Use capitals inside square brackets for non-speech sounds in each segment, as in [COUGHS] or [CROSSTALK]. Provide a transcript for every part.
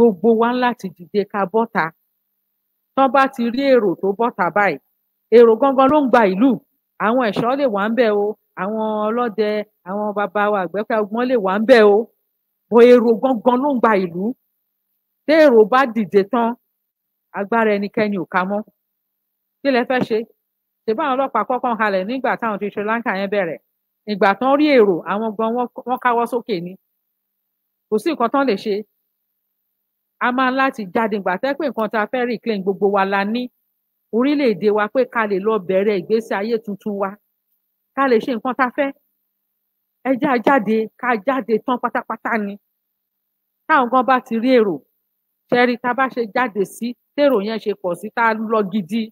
gbogbo wa láti dìde ká bọ́ta tó bá ti rí èrò tó bọ́ta báyìí èrò gangan ló ń gba ìlú àwọn ẹ̀ṣọ́ lè wà ń bẹ̀ o àwọn ọlọ́dẹ àwọn bàbá wa àgbẹ̀pẹ́ ọgbọ́n lè wà ń bẹ̀ o bọ èrò gangan ló ń gba ìlú tí èrò bá dìde tán agbára ẹnikẹ́ni ò ká mọ́ kí lẹ fẹ́ ṣe ṣèbá àwọn ọlọ́pàá kọ́kàn halẹ̀ nígbà táwọn ti Sri Lanka yẹn bẹ̀rẹ̀ ìgbà tán rí èrò àwọn gan wọ́n káwọ́ sókè ni kò sí nǹkan tán lè ṣe a máa láti jáde ìgbà tẹ́ pé nǹkan tá a fẹ́ reclaim gbogbo wa la ní orílẹ̀-èdè wa pé ká lè lọ bẹ̀rẹ̀ ìgbésí ayé tuntun wa ká lè ṣe nǹkan tá a fẹ́ ẹ já jáde ká jáde tán pátápátá ni táwọn gan bá ti rí èrò ṣẹ́rí tá a bá ṣe jáde sí tèrò yẹn ṣe pọ̀ sí tá a lọ gidi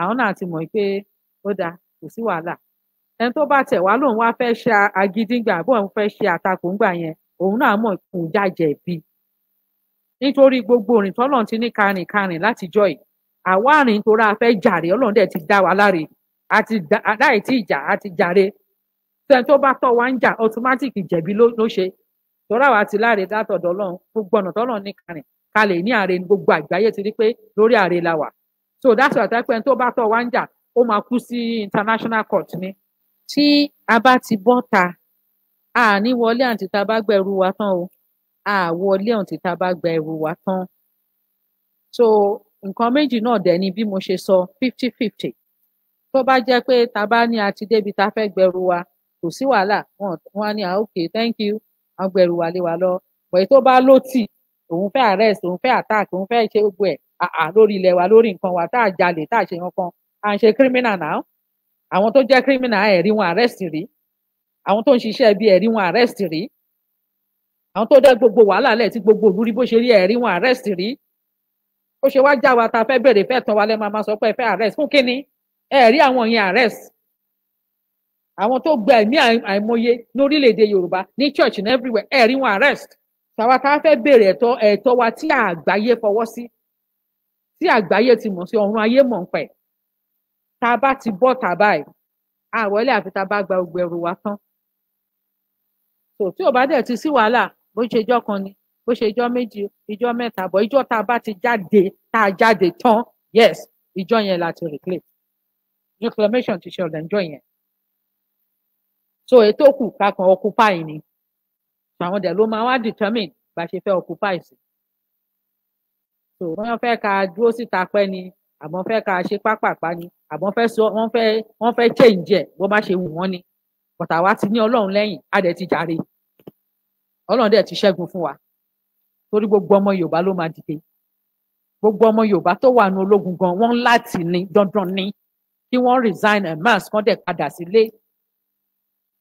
àwọn náà ti mọ̀ pé ó dáa kò sí wàhálà ẹni tó bá tẹ̀ wá lòun wá fẹ́ ṣe agídíngbà bóun fẹ́ ṣe àtakò ńgbà yẹn òun náà mọ̀ kò jájẹ̀ bíi nítorí gbogbo òrìn tọ́lọ́run ti ní karìn karìn látijọ́ yìí àwa àrìn tó ra fẹ́ jàre ọlọ́run dẹ̀ ti dá wa láre àti láì tí ìjà àti jàre sẹ́ni tó bá tọ̀ wá ń jà automatic jẹ̀bi ló ṣe tọ́ra wa ti láre látọ̀dọ̀ ọlọ́run gbogbo ọ̀nà tọ́lọ́run ní karìn ká ní àre gbogbo àgbáyé ti rí pé lórí àre la wà so that's why àtẹ́pẹ́ tó bá tọ̀ wá ń jà ó máa kú sí international court ni tí a bá ti bọ́ta a ní wọlé àǹtí tá bá gbẹ̀rù wa tán o a wọlé ọ̀ǹtí tá a bá gba ẹrù wa tán so nǹkan méjì náà dẹ̀ ni bí mo ṣe sọ fifty fifty tó bá jẹ́ pé tá bá ní àti débi tá fẹ́ gbẹrù wa kò sí wàhálà wọn á ní à ah, ok thank you wọn gbẹrù wa lé wa lọ pẹ̀lú tó bá lọ́tì òun fẹ́ arrest òun fẹ́ attack òun fẹ́ ṣe gbogbo ẹ̀ àà lórí ilẹ̀ wa lórí nǹkan wa tá a jalè tá a ṣe nǹkan à ń ṣe criminal náà àwọn tó jẹ́ criminal ẹ̀ rí wọn arrest rí àwọn tó ń ṣiṣẹ́ bí ẹ̀ rí wọn arrest rí àwọn tó dá gbogbo wàhálà lẹ̀ tí gbogbo òru rí bó ṣe rí ẹ̀rí wọn arrest rí ó ṣe wá já wa ta fẹ́ bèrè fẹ́ tán wa lẹ́ máa máa sọ pé ẹ fẹ́ arrest fún kínní ẹ̀rí àwọn yẹn arrest àwọn tó gba ẹ̀mí àìmọye lórílẹ̀‐èdè Yorùbá ní church ní everywhere ẹ̀rí wọn arrest tàwa tá a fẹ́ bèrè ẹ̀tọ́ ẹ̀tọ́ wa tí àgbáyé fọwọ́ sí tí àgbáyé ti mọ̀ sí ọ̀run ayé mọ̀ ń pẹ̀ tá a bá ti bọ́ tàbá ẹ̀ àwọlé àfi tá a bá gba gbogbo ẹrù wa tán tò tí ò bá dẹ̀ ti sí wàhálà bó ṣe jọ́ kan ni bó ṣe jọ́ méjì ìjọ́ mẹ́ta bọ̀ ìjọ́ tá a bá ti jáde tá a jáde tán yes ìjọ́ yẹn la ti reclaim reclamation ti ṣẹlẹ̀ ìjọ́ yẹn so ètò kù kakàn occupy ni àwọn dẹ̀ ló máa wá determine bá ṣe fẹ́ occupy sí so wọ́n fẹ́ ká dúró síta pẹ́ ni àbọ̀n fẹ́ ká ṣe pápápá ni àbọ̀n fẹ́ sọ wọ́n fẹ́ wọ́n fẹ́ change ẹ̀ bó bá ṣe wù wọ́n ni bọ̀tà wa ti ní ọlọ́run lẹ́yìn á dẹ̀ ti jàre ọlọ́run dẹ̀ ti ṣẹ́gun fún wa torí gbogbo ọmọ yorùbá ló máa dìde gbogbo ọmọ yorùbá tó wà nù ológun gan wọn láti ní dandan ní kí wọ́n resign en masse kán dẹ̀ padà sílé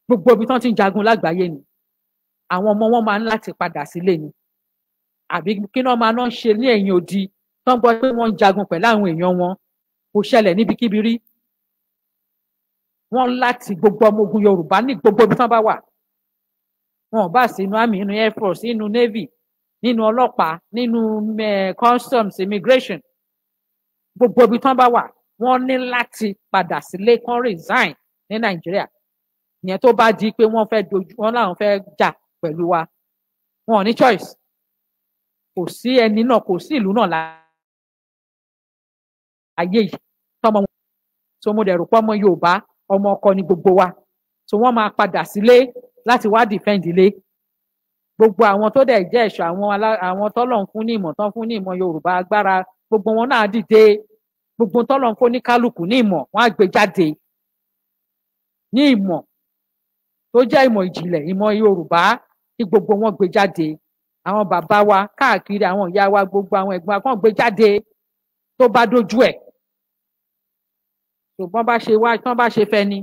gbogbo ibi tán ti ń jagun lágbàáyé ni àwọn ọmọ wọn máa ń láti padà sílé ni àbí kí náà máa náà ṣe ní ẹ̀yìn odi tán gbọ́ pé wọ́n ń jagun pẹ̀lú àwọn èèyàn wọn kò ṣẹlẹ̀ níbikíbi rí wọ́n láti gbogbo ọmọ ogun yorùbá ní gbogbo ibi tán bá wà wọn ò bá sínú àmì nínú air force nínú navy nínú ọlọ́pàá nínú eh, customs immigration gbogbo ibi tán bá wà wọn ní láti padà sílé kán resign ní nàìjíríà ìyẹn tó bá di pé wọn fẹ́ dojú wọn làwọn fẹ́ jà pẹ̀lú wa wọn ò ní choice kò sí ẹni náà kò sí ìlú náà láàyè tọmọ wọn so mo dẹrù pọ ọmọ yorùbá ọmọ ọkọ ni gbogbo wa so wọn máa padà sílé láti wá defend ilé gbogbo àwọn tó dẹ̀ jẹ́ ẹ̀ṣọ́ àwọn àwọn tọ́lọ̀ ń fún ní ìmọ̀ tán fún ní ìmọ̀ Yorùbá agbára gbogbo wọn náà dìde gbogbo tọ́lọ̀ ń fún ní kálukú ní ìmọ̀ wọn á gbé jáde ní ìmọ̀ tó jẹ́ ìmọ̀ ìjìnlẹ̀ ìmọ̀ Yorùbá kí gbogbo wọn gbé jáde àwọn bàbá wa káàkiri àwọn ìyá wa gbogbo àwọn ẹ̀gbọ́n wa kàn gbé jáde tó bá dojú ẹ̀ ṣùgbọ́n bá ṣe wá tán bá ṣe fẹ́ ni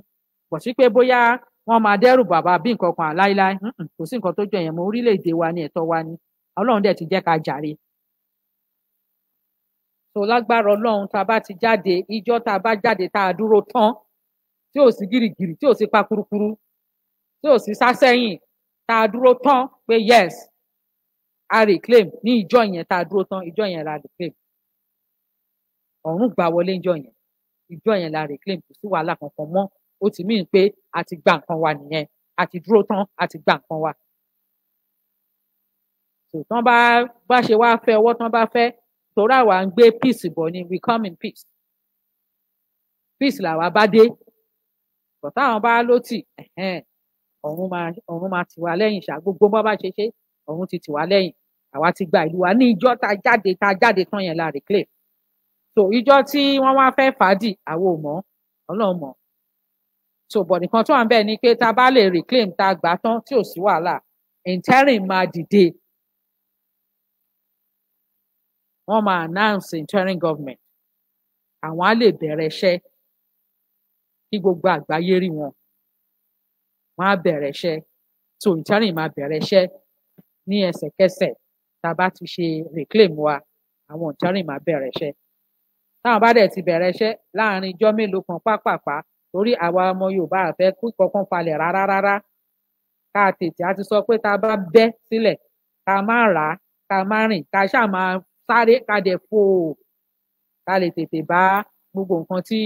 bọ̀ sí pé bóyá wọn máa dẹ́rù bàbá bí nǹkan kan láíláí kò sí nǹkan tó jọ yẹn mọ orílẹ̀-èdè wa ni ẹ̀tọ́ wa ni Ọlọ́run dẹ̀ ti jẹ́ ká jàre tó lágbára Ọlọ́run tá a bá ti jáde ìjọ tá a bá jáde tá a dúró tán tí ò sí gìrìgìrì tí ò sí pakurukuru tí ò sí sásẹ́yìn tá a dúró tán pé yes a reclaim ní ìjọ yẹn tá a dúró tán ìjọ yẹn la reclaim ọ̀run gbà wọlé ìjọ yẹn ìjọ yẹn la reclaim kò sí wàhálà kankan mọ́ ó ti mí pé a ti gba nǹkan wa nìyẹn a ti dúró tán a ti gba nǹkan wa. tòtán bá bá ṣe wá fẹ́ ọwọ́ tán bá fẹ́ torá wa ń gbé peace bọ̀ ni we come in peace peace làwa bá dé bọ̀tá àwọn bá ló tì ọ̀run máa ọ̀run máa tì wá lẹ́yìn ṣá gbogbo bá bá ṣe ṣe ọ̀run ti tì wá lẹ́yìn àwa ti gba ìlú wa ní ìjọ ta jáde ta jáde tán yẹn la reclaim so ìjọ tí wọ́n wá fẹ́ fàdí àwọn ò mọ̀ ọlọ́run so but nǹkan tó wà ń bẹ̀ ni pé tá a bá lè reclaim tá a gbà tán tí ò sí wàhálà interim máa dìde wọ́n máa announce interim government àwọn á lè bẹ̀rẹ̀ iṣẹ́ kí gbogbo àgbáyé rí wọn wọ́n á bẹ̀rẹ̀ iṣẹ́ so interim máa bẹ̀rẹ̀ iṣẹ́ ní ẹsẹ̀kẹsẹ̀ tá a bá ti ṣe reclaim wa àwọn interim máa bẹ̀rẹ̀ iṣẹ́ táwọn bá dẹ̀ ti bẹ̀rẹ̀ iṣẹ́ láàrin ijọ́ mélòó kan pápápá torí àwa ọmọ yorùbá àfẹ kú kankan falẹ̀ rárá rárá ká tètè a ti sọ pé tá a bá bẹ́ sílẹ̀ ká má rà á ká má rìn ká ṣáà máa sáré ká dẹ̀ fò ó ká lè tètè bá gbogbo nǹkan tí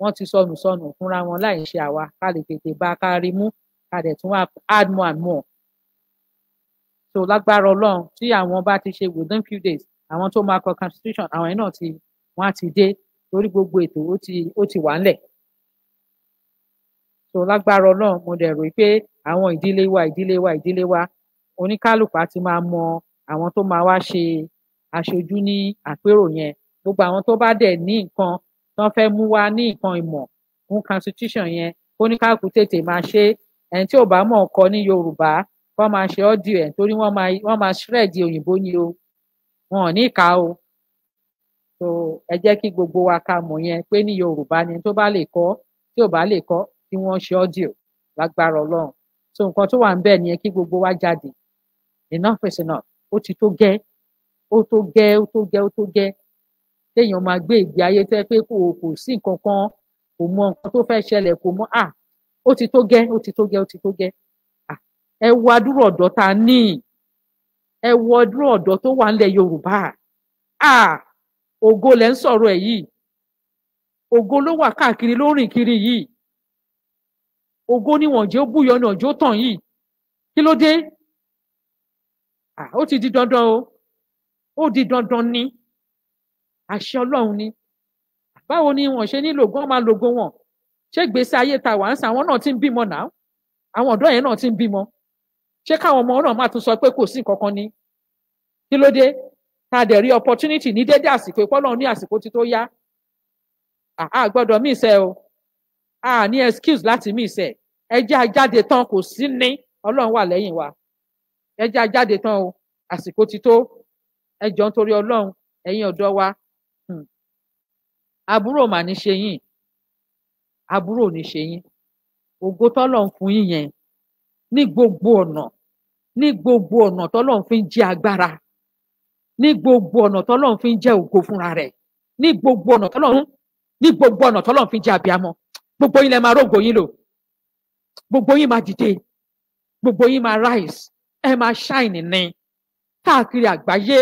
wọ́n ti sọnù sọnù fúnra wọn láì ṣe àwa ká lè tètè bá ká rí mú ká dẹ̀ tún add more and more so lágbára Ọlọ́run tí àwọn bá ti ṣe within few days àwọn tó máa kọ constitution àwọn yẹn náà ti wọ́n á ti dé torí gbogbo ètò ó ti ó ti wà ńlẹ̀ tó lágbára Ọlọ́run mo dẹ̀ rò pé àwọn ìdílé wa ìdílé wa ìdílé wa oníkálùkù á ti máa mọ àwọn tó máa wá ṣe aṣojú ní àpérò yẹn gbogbo àwọn tó bá dẹ̀ ní nǹkan tán fẹ́ mú wá ní nǹkan ìmọ̀ fún constitution yẹn oníkálùkù tètè máa ṣe ẹni tí ò bá mọ̀ ọkọ ní Yorùbá wọ́n máa ṣe ọ́dìò ẹ̀ torí wọ́n máa wọ́n máa ṣírẹ̀dì òyìnbó ni o wọn ò ní ìka o so ẹ jẹ́ kí gbogbo wa ká mọ̀ yẹn pé ní Yorùbá ni tó bá lè kọ́ tí ò bá lè kọ́ kí wọ́n ṣe ọ́díò lágbára ọlọ́run so nǹkan tó wà ń bẹ̀ nìyẹn kí gbogbo wa jáde enough is enough ó ti tó gẹ́ ó tó gẹ́ ó tó gẹ́ ó tó gẹ́ téèyàn máa gbé ìgbé ayé tẹ́ pé kò kò sí nǹkan kan kò mọ nǹkan tó fẹ́ ṣẹlẹ̀ kò mọ à ó ti tó gẹ́ ó ti tó gẹ́ ó ti tó gẹ́ à ẹ wo adúrò ọ̀dọ́ ta ní ẹ wo adúrò ọ̀dọ́ tó wà ńlẹ̀ Yorùbá à ògo lẹ ń sọ̀rọ̀ ẹ̀ yìí ògo ló wà káàkiri ló rìn kiri yìí Ogo níwọ̀n jẹ́ ó búyọnu ọ̀jọ́ tàn yìí kí ló dé ó ti di dandan o ó di dandan ni àṣẹ ọlọ́run ni báwo ni wọn ṣe nílò gan máa lògo wọn ṣé gbèsè ayé ta wà ń sàn àwọn náà ti ń bímọ náà àwọn ọ̀dọ́ yẹn náà ti ń bímọ ṣé káwọn ọmọ náà máa tún sọ pé kò sí kankan ni kí ló dé ta dẹ̀ rí opportunity ní dédé àsìkò ìpọ́nlọ́run ní àsìkò tí tó yá àá gbọ́dọ̀ míì sẹ́ o a ní excuse láti mí ìsẹ̀ ẹjẹ́ ajáde tán kò sí ní ọlọ́run wà lẹ́yìn wa ẹjẹ́ ajáde tán o àsìkò ti tó ẹjọ́ nítorí ọlọ́run ẹ̀yin ọ̀dọ́ wa hmm. àbúrò mà ní ṣe yín àbúrò ní ṣe yín ògo tọ́lọ́run fún yín yẹn ní gbogbo ọ̀nà ní gbogbo ọ̀nà tọ́lọ́run fi ń jẹ́ agbára ní gbogbo ọ̀nà tọ́lọ́run fi ń jẹ́ ògo fúnra rẹ̀ ní gbogbo ọ̀nà tọ́lọ́run ní gbogbo ọ̀nà tọ́lọ́run fi ń jẹ́ abiamọ gbogbo yín lẹ máa rógbò yín lò gbogbo yín máa dìde gbogbo yín máa rise ẹ máa shine ní káàkiri àgbáyé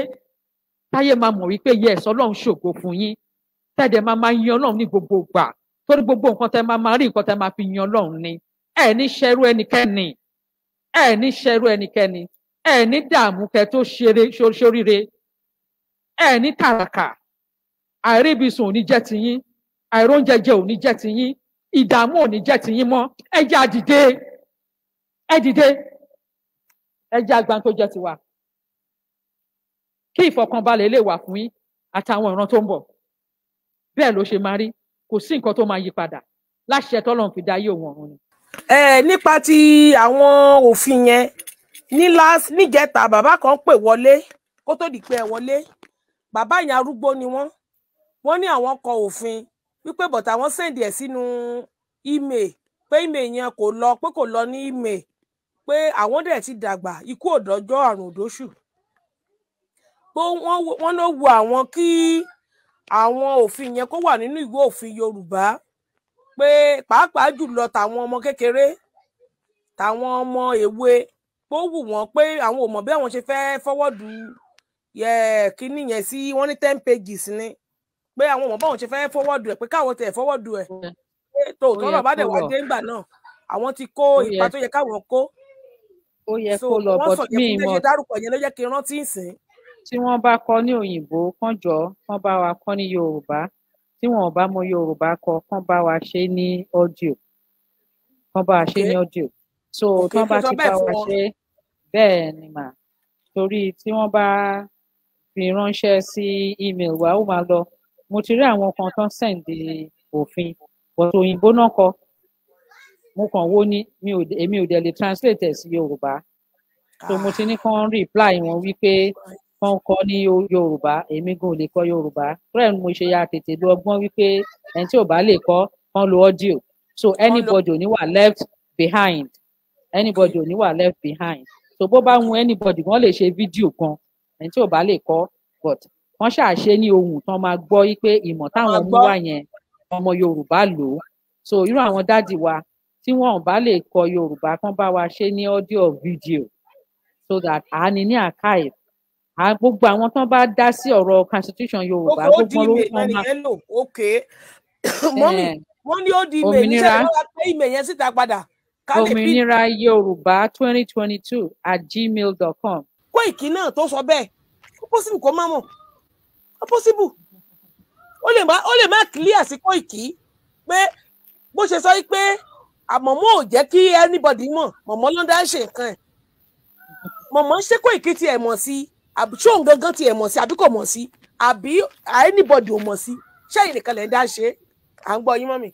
táyé máa mọ̀ wípé yes ọlọ́run ṣògo fún yín tẹ́ẹ̀dẹ̀ máa máa yan ọlọ́run ní gbogbo ìgbà torí gbogbo nǹkan tẹ́ máa máa rí nǹkan tẹ́ máa fi yan ọlọ́run ni ẹ ní ṣẹrú ẹnikẹ́ni ẹ ní ṣẹrú ẹnikẹ́ni ẹ ní dààmú kẹ́ tó ṣoríire ẹ ní tàràkà àìríbisùn ò ní jẹ́ tiyín àìróúnjẹ jẹ ò ní jẹ́ tiyín ìdààmú ò ní jẹ́ tìyín mọ́ ẹ jẹ́ àdìde ẹ dìde ẹ jẹ́ àgbà tó jẹ́ tiwa kí ìfọ̀kànbalẹ̀ lè wà fún yín àtàwọn ìran tó ń bọ̀ bẹ́ẹ̀ ló ṣe máa rí kò sí nǹkan tó máa yí padà láṣẹ tọ́lọ́run fi dá yé òun ọ̀run ni. ẹ nípa ti àwọn òfin yẹn ní last níjẹta bàbá kan pè wọlé kó tó di pé ẹ wọlé bàbá yẹn arúgbó ni wọ́n wọ́n ní àwọn kọ òfin wípé but àwọn send ẹ̀ sínú email pé email yẹn kò lọ pé kò lọ ní email pé àwọn dẹ̀ ti dàgbà ikú òdọ́jọ́ àrùn òdóṣù pé wọ́n ló wo àwọn kí àwọn òfin yẹn kó wà nínú ìwé òfin Yorùbá pé pàápàá jùlọ tàwọn ọmọ kékeré tàwọn ọmọ èwe tó wù wọ́n pé àwọn ò mọ̀ bí àwọn ṣe fẹ́ fọwọ́dù yẹ kínní yẹn sí wọ́n ní ten pages ni pé àwọn ọmọ báwọn ṣe fẹ́ fọwọ́dù ẹ̀ pé káwọn tẹ̀ fọwọ́dù ẹ̀ tó tọ́lọ̀ bá dẹ̀ wá dé ńgbà náà àwọn ti kó ipa tó yẹ káwọn kó ó yẹ kó lọ but mi mọ so dárúkọ yẹn ló yẹ kí n rántí ìsìn. tí wọ́n bá kọ ní òyìnbó kán jọ kán bá wa kọ ní yorùbá tí wọn ò bá mọ yorùbá kọ kán bá wa ṣe ní audio kán bá wa ṣe ní audio so tán bá ti bá wa ṣe bẹ́ẹ̀ ni mà torí tí wọ́n bá fi ránṣẹ́ sí email wa ó máa lọ mo ti rí àwọn kan tán sẹ̀ǹdì òfin bọ̀tò òyìnbó náà kọ mo kàn wó ní mi ò èmi ò dẹ̀ lè translate ẹ̀ sí yorùbá so mo ti ní kàn reply wọn wípé kàn kọ ní yorùbá èmi gan ò lè kọ yorùbá rẹ̀ mo ṣe ya tètè lo ọgbọ́n wípé ẹni tí ò bá lè kọ kàn lo audio so anybody ò ní wà left behind anybody ò ní wà left behind so bó bá wù anybody gan lè ṣe fídíò gan ẹni tí ò bá lè kọ but wọn ṣàṣe ní ohun tán máa gbọ́ wípé ìmọ̀ táwọn mú wá yẹn ọmọ yorùbá lò ó so irú àwọn dádì wa tí wọn ò bá lè kọ yorùbá kán bá wa ṣe ní audio video so that a ní ní archive a gbogbo àwọn tán bá dá sí ọ̀rọ̀ constitution yorùbá gbogbo ló wọn máa [COUGHS] wọn ní ó di ìmẹ níṣẹ ló wá pé ìmẹ yẹn síta padà. òmìnira yorùbá twenty twenty two at gmail dot com. kó ìkíni náà tó sọ bẹ́ẹ̀ kó sì kó má mọ̀ ó possible ó lè má ó lè má clear sí Koiki pé bó ṣe sọ yìí pé àmọ̀mọ́ ò jẹ́ kí anybody mọ̀ mọ̀mọ́ ló ń dá ṣe nǹkan ẹ̀ mọ̀mọ́ ṣé Koiki tiẹ̀ mọ̀ sí àbí ṣóun gangan tiẹ̀ mọ̀ sí àbí kò mọ̀ sí àbí anybody ò mọ̀ sí ṣẹ́yìn nìkan lẹ̀ ń dá ṣe à ń gbọ́ yín mọ́ mi.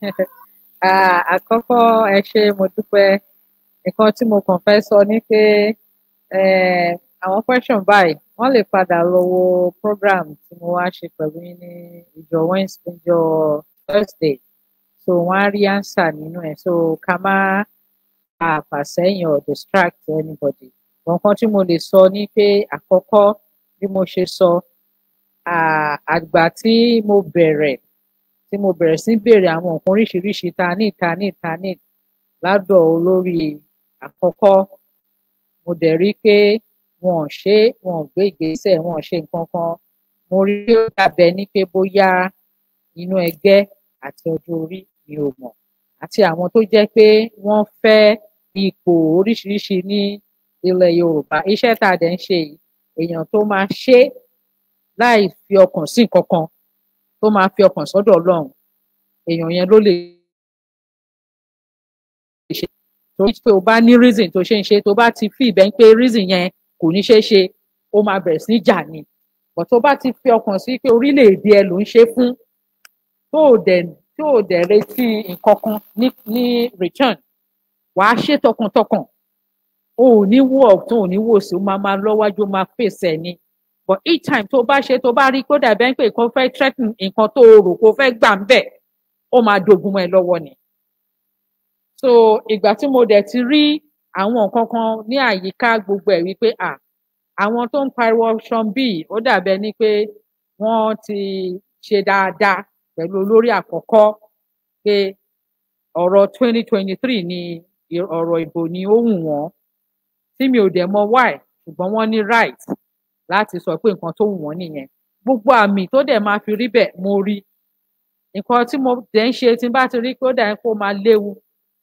[LAUGHS] àkọ́kọ́ ẹ mo dúpẹ́ nǹkan tí mo kàn fẹ́ sọ ni pé àwọn question báyìí wọn lè padà lọ wo program tí mo wá ṣe pẹ̀lú yín ní ìjọ wednesday ìjọ thursday so wọn á rí answer nínú ẹ̀ so ká má àfàsẹ́yìn or distract anybody nǹkan tí mo lè sọ ni pé àkọ́kọ́ bí mo ṣe sọ àgbà tí mo bẹ̀rẹ̀ tí mo bẹ̀rẹ̀ sí béèrè àwọn nǹkan oríṣiríṣi ta ní ta ní ta ní ládọ̀ olórí àkọ́kọ́ mo dẹ̀ rí pé wọn ò ṣe é wọn ò gbé ìgbésẹ̀ wọn ò ṣe nǹkan kan mo rí ó dàbẹ ní pé bóyá inú ẹgbẹ́ àti ọjọ́ orí mi ò mọ̀ àti àwọn tó jẹ́ pé wọ́n fẹ́ ipò oríṣiríṣi ní ilẹ̀ Yorùbá iṣẹ́ tá a dẹ̀ ń ṣe yìí èèyàn tó máa ṣe láì fi ọkàn sí nǹkan kan tó máa fi ọkàn sọ́dọ̀ Ọlọ́run èèyàn yẹn ló lè ṣe torí pé o bá ní reason tó ṣe ń ṣe tó bá ti fi ìbẹ́ ń pé reason yẹn kò ní ṣeé ṣe ó máa bẹ̀rẹ̀ sí jà ni bọ̀ tó bá ti fi ọkàn sí pé orílẹ̀-èdè ẹ ló ń ṣe fún tó ò dẹ̀ tó ò dẹ̀ retí nǹkan kan ní ní return wàá ṣe tọkàntọkàn o ò ní wò ọ̀tún ò ní wò sí o máa máa lọ́wájú o máa fèsì ẹ̀ ni but each time tó bá ṣe tó bá rí kó dàbẹ́ pé nǹkan fẹ́ threaten nǹkan tó rò kó fẹ́ gbà ń bẹ̀ ó máa dogun ẹ lọ́wọ́ ni so ìgbà tí mo dẹ̀ ti rí àwọn nǹkan kan ní àyíká gbogbo ẹ wí pé um àwọn tó ń pariwo sean b ó dàbí ẹni pé wọn ti ṣe dáadáa pẹlú olórí àkọkọ pé ọrọ twenty twenty three ni ọrọ ìbò ni ó wù wọn tí mi ò dẹ mọ why ṣùgbọn wọn ní right láti sọ pé nǹkan tó wù wọn nìyẹn gbogbo àmì tó dẹ máa fi rí bẹẹ mo rí nǹkan tí mo dẹ ń ṣe tí n bá ti rí pé ó dà ń kó máa léwu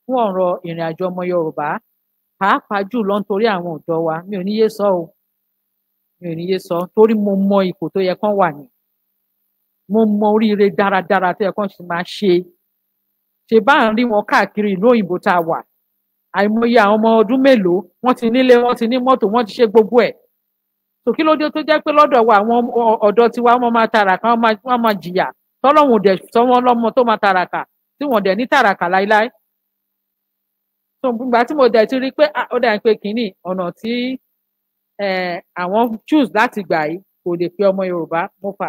fún ọrọ ìrìn àjò ọmọ yorùbá pàápàá jùlọ nítorí àwọn ọ̀dọ́ wa mi ò ní yé sọ o mi ò ní yé sọ torí mo mọ ipò tó yẹ kán wà ní mo mọ oríire dáradára tó yẹ kán sì máa ṣe ṣe bá ń rí wọn káàkiri ìlú òyìnbó tá a wà àìmọye àwọn ọmọ ọdún mélòó wọ́n ti nílé wọ́n ti ní mọ́tò wọ́n ti ṣe gbogbo ẹ̀ tò kí ló dé tó jẹ́ pé lọ́dọ̀ wa àwọn ọ̀dọ́ tiwa wọ́n máa tàràkà wọ́n máa jìyà tọlọ́run ò dẹ sọ wọn lọ́mọ tó máa tàràkà tí wọ́n dẹ ní tàràkà láéláé so ìgbà tí mo dẹ̀ ti rí i pé ah, ó dà pé kínní ọ̀nà tí àwọn choose láti gbà yìí kò lè pe ọmọ yorùbá mo fà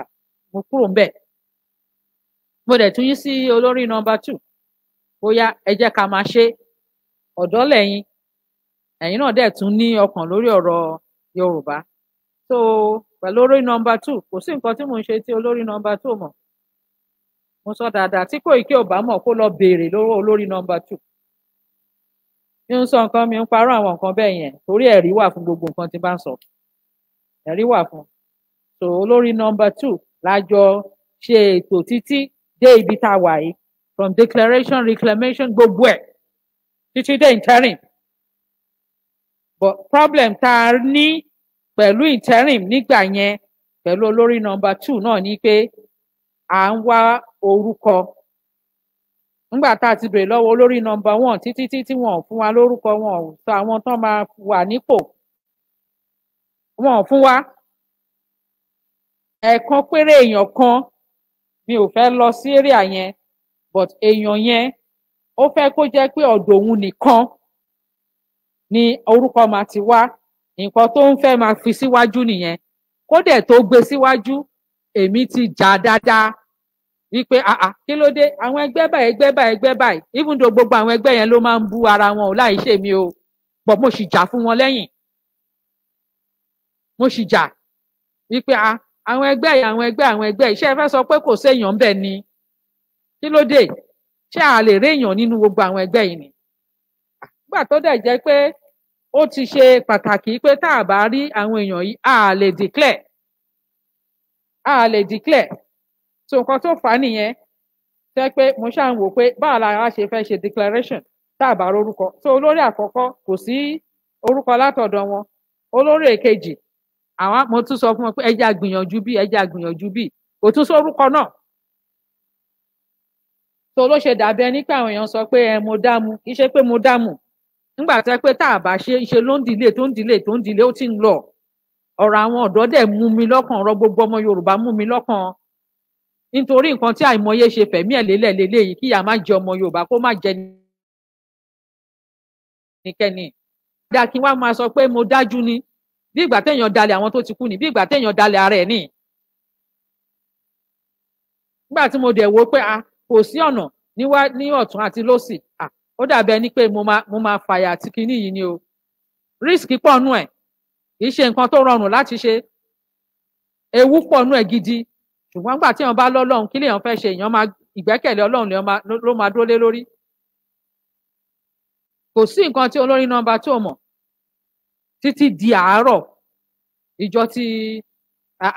mo kúrò ńbẹ̀ mo dẹ̀ tún yí sí olórí nọmba two bóyá ẹ jẹ́ ká máa ṣe ọ̀dọ́ lẹ́yìn ẹ̀yin náà dẹ̀ tún ní ọkàn lórí ọ̀rọ̀ yorùbá so pẹ̀lú olórí nọmba two kò sí nǹkan tí mò ń ṣe tí olórí nọmba two mọ̀ mo sọ dáadáa tí kò ì kí ò bá mọ̀ kó lọ béèrè lọ́wọ́ olórí nọmba two mi ń sọ nǹkan mi ń parọ́ àwọn nǹkan bẹ́ẹ̀ yẹn torí ẹ̀rí wà fún gbogbo nǹkan tí bá ń sọ ẹ̀rí wà fún so olórí nọmba two lájọ ṣe ètò títí dé ibi tá a wà yìí from declaration reclamation gbogbo ẹ̀ títí dé interim but problem tá a ní pẹ̀lú interim nígbà yẹn pẹ̀lú olórí nọmba two náà ni pé à ń wá orúkọ nígbà tá a ti béèrè lọ́wọ́ olórí nọmba one títí títí wọn ò fún wa lórúkọ wọn ò sọ àwọn tán máa wà nípò wọn fún wa ẹ̀ẹ̀kan péré èèyàn kan mi ò fẹ́ lọ sí area yẹn but èèyàn yẹn ó fẹ́ kó jẹ́ pé ọ̀dọ̀ òun nìkan ni orúkọ máa ti wá nǹkan tó ń fẹ́ máa fi síwájú nìyẹn kó tó gbé síwájú èmi ti jà dáadáa wípé àà kí ló dé àwọn ẹgbẹ́ báyìí ẹgbẹ́ báyìí ẹgbẹ́ báyìí even though gbogbo àwọn ẹgbẹ́ yẹn ló máa ń bú ara wọn ò láì ṣe mi o but mo sì jà fún wọn lẹ́yìn mo sì jà wípé à àwọn ẹgbẹ́ yìí àwọn ẹgbẹ́ àwọn ẹgbẹ́ yìí ṣé ẹ fẹ́ sọ pé kò séèyàn ń bẹ̀ ni kí ló dé ṣé a lè réèyàn nínú gbogbo àwọn ẹgbẹ́ yìí ni nígbà tó dẹ̀ jẹ́ pé ó ti ṣe pàtàkì pé tá a bá rí àwọn èèyàn yìí a lè declare a lè declare so nǹkan tó fà á nìyẹn tẹ́ pé mo ṣáà ń wò pé báwo la a ṣe fẹ́ ṣe declaration tá a bá rorúkọ so olórí àkọ́kọ́ kò sí orúkọ látọ̀dọ̀ wọn olórí èkejì àwọn mo tún sọ fún wọn pé ẹ jẹ́ àgbìyànjú bíi ẹ jẹ́ àgbìyànjú bíi kò tún sórúkọ náà so ló ṣe dàbí ẹni pé àwọn èèyàn sọ pé ẹ mo dáàmú kì í ṣe pé mo dáàmú nígbà tó yẹ pé tá a bá ṣe ṣe ló ń dìlé tó ń dìlé tó ń dìlé ó ti ń lọ ọ̀rọ̀ àwọn ọ̀dọ́ dẹ̀ mú mi lọ́kàn ọ̀rọ̀ gbogbo ọmọ Yorùbá mú mi lọ́kàn nítorí nǹkan tí àìmọye ṣe fẹ̀mí ẹ̀ lélẹ̀ lélẹ́yìí kíyà má jẹ ọmọ Yorùbá kó má jẹ nìkẹ́ni dáa kí wọ́n máa sọ pé mo dájú ni bí ìgbà téèyàn dalẹ̀ àwọn tó ti kú ni bí ìgbà téèyàn dalẹ̀ ara ẹ̀ ni nígbà tí mo dẹ̀ wo pé ah, kò sí ọ̀nà níwá ní ọ̀tún àti lọ́sì ah, ó dàbẹ̀ ni pé mo máa mo máa fàyà àti kinní yìí ni o risk pọ̀ nù ẹ̀ kì í ṣe nǹkan tó rọrùn láti ṣe ewu pọ̀ nù ẹ̀ gidi ṣùgbọ́n nígbà tí èèyàn bá lọ́lọ́run kí lèèyàn fẹ́ ṣe èèyàn máa ìgbẹ́kẹ̀lé ọlọ́run ló máa dúró lé lórí kò sí nǹkan tí olórin nọ́mbà tó mọ̀ títí di àárọ̀ ìjọ tí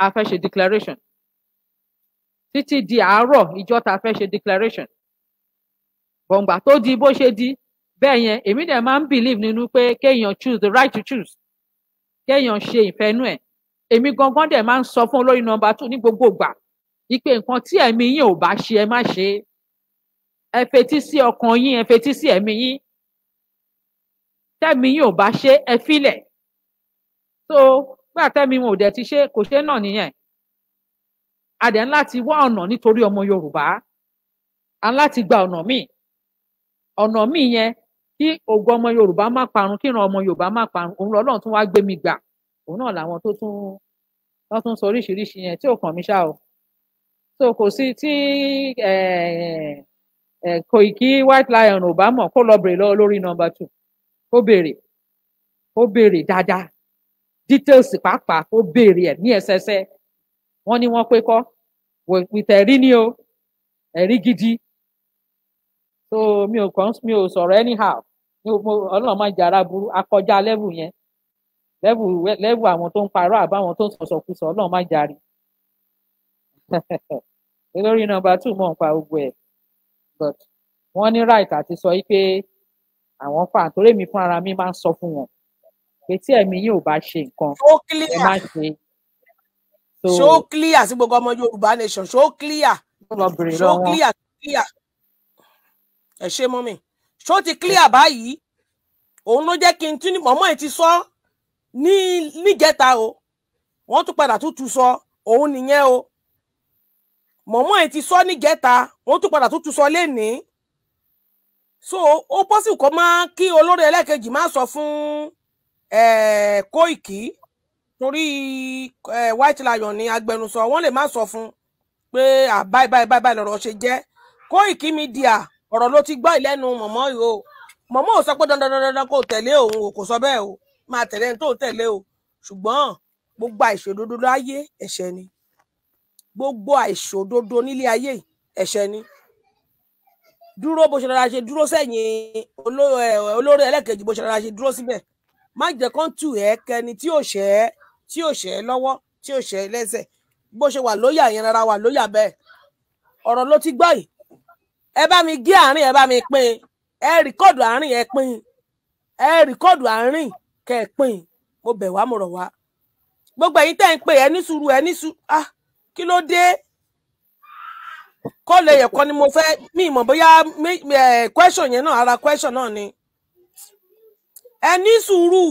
a fẹ́ ṣe declaration títí di àárọ̀ ìjọ tá a fẹ́ ṣe declaration bọ̀ǹgbà tó di bó ṣe di bẹ́ẹ̀ yẹn èmi dẹ̀ máa ń believe nínú pé kéèyàn choose the right to choose kéèyàn ṣe ìfẹ́nú ẹ̀ èmi gangan dẹ̀ máa ń sọ fún olórí nọ́mbà tó ní gbogbo ìgbà ipe nǹkan tí ẹ̀mí yín ò bá ṣe ẹ má ṣe ẹ fetí sí ọkàn yín ẹ fetí sí ẹ̀mí yín tẹ̀mí yín ò bá ṣe ẹ filẹ̀ so gbà tẹ̀mí wọn ò dẹ̀ ti ṣe kò ṣe náà nìyẹn a dẹ̀ ń láti wá ọ̀nà nítorí ọmọ Yorùbá a ń láti gba ọ̀nà míì ọ̀nà míì yẹn kí ògo ọmọ Yorùbá má parun kíran ọmọ Yorùbá má parun òun lọ́lọ́run tún wá gbé mi gbà òun náà làwọn tó tún tó tún sọ oríṣiríṣi yẹn tí ò kàn mí ṣá o so kò sí tí Koiki White Lion ò bá mọ̀ kó lọ bèrè lọ lórí nọ́mbà two kó bèrè kó bèrè dáadáa details pàápàá kó bèrè ẹ̀ ní ẹsẹsẹ wọ́n ní wọ́n pé kọ́ with ẹ̀rí ni o ẹ̀rí gidi so mi ò kàn mi ò sọ̀rọ̀ anyhow ọlọ́run máa jàrá burú akọjá lẹ́bù yẹn level lẹ́bù àwọn tó ń parọ́ àbáwọn tó ń sọ̀sọ̀kùsọ̀ ọlọ́run máa jàre olórí [LAUGHS] nọmba two mọ̀ nípa gbogbo ẹ̀ but wọ́n ní right àti sọ pé àwọn fà torí mi fún ara mi máa ń sọ fún wọn pé tí ẹ̀mí yìí bá ṣe nǹkan ẹ má ṣe. ṣó clear sí gbogbo ọmọ Yorùbá nation ṣó clear so clear clear ẹ ṣe mọ́mì So ti clear báyìí òun ló jẹ́ kí n tún ní mọ̀mọ́ ẹ̀ ti sọ ní níjẹta o wọ́n tún padà tún tún sọ òun nìyẹn o mọ̀mọ́ ẹ̀ ti sọ ní gẹ́ta wọ́n tún padà tún tún sọ lénìí so ó pọ́sì kọ́ máa kí olórí ẹlẹ́ẹ̀kejì máa sọ fún Kóìkì torí White Lion ní agbẹnusọ wọ́n lè má sọ fún pé báyìí báyìí báyìí lọ́rọ̀ ṣe jẹ́ Kóìkì Media ọ̀rọ̀ ló ti gbọ́ ìlẹ́nu mọ̀mọ́ yìí o mọ̀mọ́ ò sọ pé dandan dandan kò tẹ̀lé òun o kò sọ bẹ́ẹ̀ o máa tẹ̀lé ẹni tó tẹ̀lé o ṣùgbọ́n gbogbo àìṣòdodo láyé ẹ̀ṣẹ̀ ni gbogbo àìṣòdodo nílé ayé ẹ̀ṣẹ̀ ni dúró bó ṣe dára ṣe dúró sẹ́yìn olórí ẹlẹ́kejì bó ṣe dára ṣe dúró síbẹ̀ má jẹ́ kán tù ẹ́ kẹni tí ò ṣẹ̀ ẹ́ tí ò ṣẹ̀ ẹ́ lọ́wọ́ tí ò ṣẹ̀ ẹ́ lẹ́sẹ̀ bó ṣe wà lóyà yẹn rárá wà lóyà bẹ́ẹ̀ ọ̀rọ̀ ló ti gbọ́ yìí ẹ bá mi gé àárín ẹ bá mi pín ẹ rìkọ́ọ̀dù àárín ẹ pín ẹ rìkọ́ọ̀dù àárín kẹ ẹ mo bẹ̀ wá mo rọ̀ wá gbogbo ẹ̀yin tẹ́ ń pè ẹ ní sùúrù ẹ ní sùúrù ah kí ló dé kọ́ọ̀lù ẹ̀yẹ̀ kan ni mo fẹ́ mi ìmọ̀ bóyá question yẹn náà ara question náà ni ẹ ní sùúrù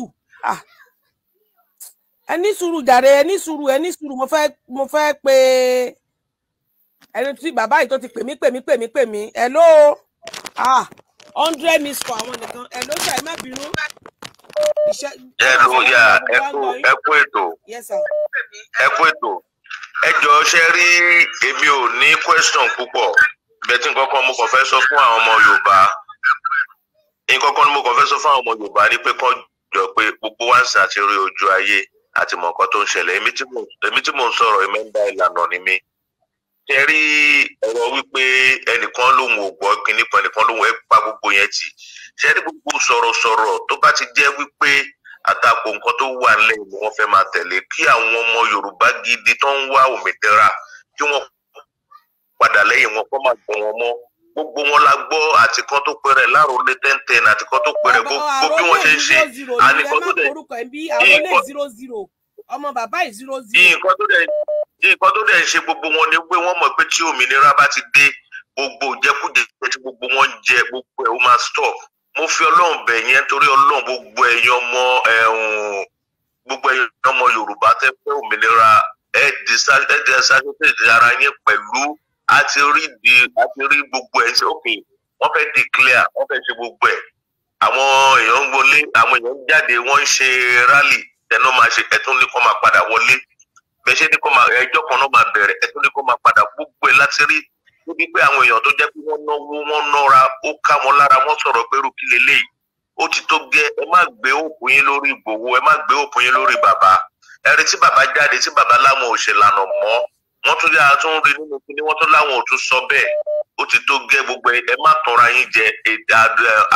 ẹ ní sùúrù jàre ẹ ní sùúrù ẹ ní sùúrù mo fẹ́ mo fẹ́ pé ẹni tí bàbá yìí tó ti pè mí pè mí pè mí pè mí hello ah hundred miss for àwọn nìkan hello sir ẹ má bínú. hello ya ẹ kú ètò ẹ kú ètò ẹ jọ̀ọ́ ṣe rí èmi ò ní question púpọ̀ bẹ́tí nǹkankan mo kàn fẹ́ sọ fún àwọn ọmọ Yorùbá nǹkankan mo kàn fẹ́ sọ fún àwọn ọmọ Yorùbá ni pé kàn jọ pé gbogbo wa ń sìn àti rí ojú ayé àti mọ̀ nǹkan tó ń ṣẹlẹ̀ èmi tí mò ń sọ̀rọ̀ èmi ń dá ìlànà ni mi ṣe rí ọ̀rọ̀ wípé ẹnìkan lòun ò gbọ́ kínní kan ẹnìkan lòun ẹ pa gbogbo yẹn tì ṣe rí gbogbo sọ̀rọ̀sọ̀rọ̀ tó bá ti jẹ́ wípé àtakò nǹkan tó wà nílẹ̀ ìlú wọn fẹ́ máa tẹ̀lé kí àwọn ọmọ Yorùbá gidi tó ń wá òmìnira kí wọ́n padà lẹ́yìn wọn kó máa gbọ́n wọn mọ́ gbogbo wọn la gbọ́ àti kan tó pẹrẹ láròlé ten ten àti kan tó pẹrẹ gbogbo bí wọ́n ṣe ń ṣe àníkan tó dẹ̀ zero zero. nǹkan tó dẹ̀ nǹkan tó dẹ̀ ń ṣe gbogbo wọn ni pé wọ́n mọ̀ pé tí òmìnira bá ti dé gbogbo jẹkújẹ tí gbogbo wọn jẹ gbogbo ẹ̀ ó máa stop mo fi ọlọ́run bẹ̀ yẹn torí ọlọ́run gbogbo ẹ̀yin ọmọ gbogbo ẹ̀yin ọmọ yorùbá tẹ́ fẹ́ òmìnira ẹ̀ di sáfẹ́tẹ̀ ara yẹn pẹ̀lú àti rí di àti rí gbogbo ẹ̀ ṣe òkè wọ́n fẹ́ declare wọ́n fẹ́ ṣe gbogbo ẹ̀ àwọn èèyàn ń wọlé àwọn èèyàn ń jáde wọ́n ń ṣe rally tẹnu máa ṣe ẹ̀tún ní kó máa padà wọlé bẹ́ẹ̀ ṣe ní kó máa ẹjọ́ kan náà máa bẹ̀rẹ̀ ẹ̀tún ní kó máa padà gbogbo ẹ̀ láti rí níbi pé àwọn èèyàn tó jẹ́ pé wọ́n náwó wọ́n nára ó ká wọn lára wọ́n sọ̀rọ̀ pé rú kí leléyìí ó ti tó gẹ́ ẹ má gbé òkú yín lórí Ìgbòho ẹ má gbé òkú yín lórí bàbá ẹrí tí bàbá jáde tí bàbá láwọn ò mọ́ wọ́n tún yára tún rí nínú kí ni wọ́n tún láwọn ò sọ bẹ́ẹ̀ ó ti tó gẹ́ gbogbo ẹ má tọra yín jẹ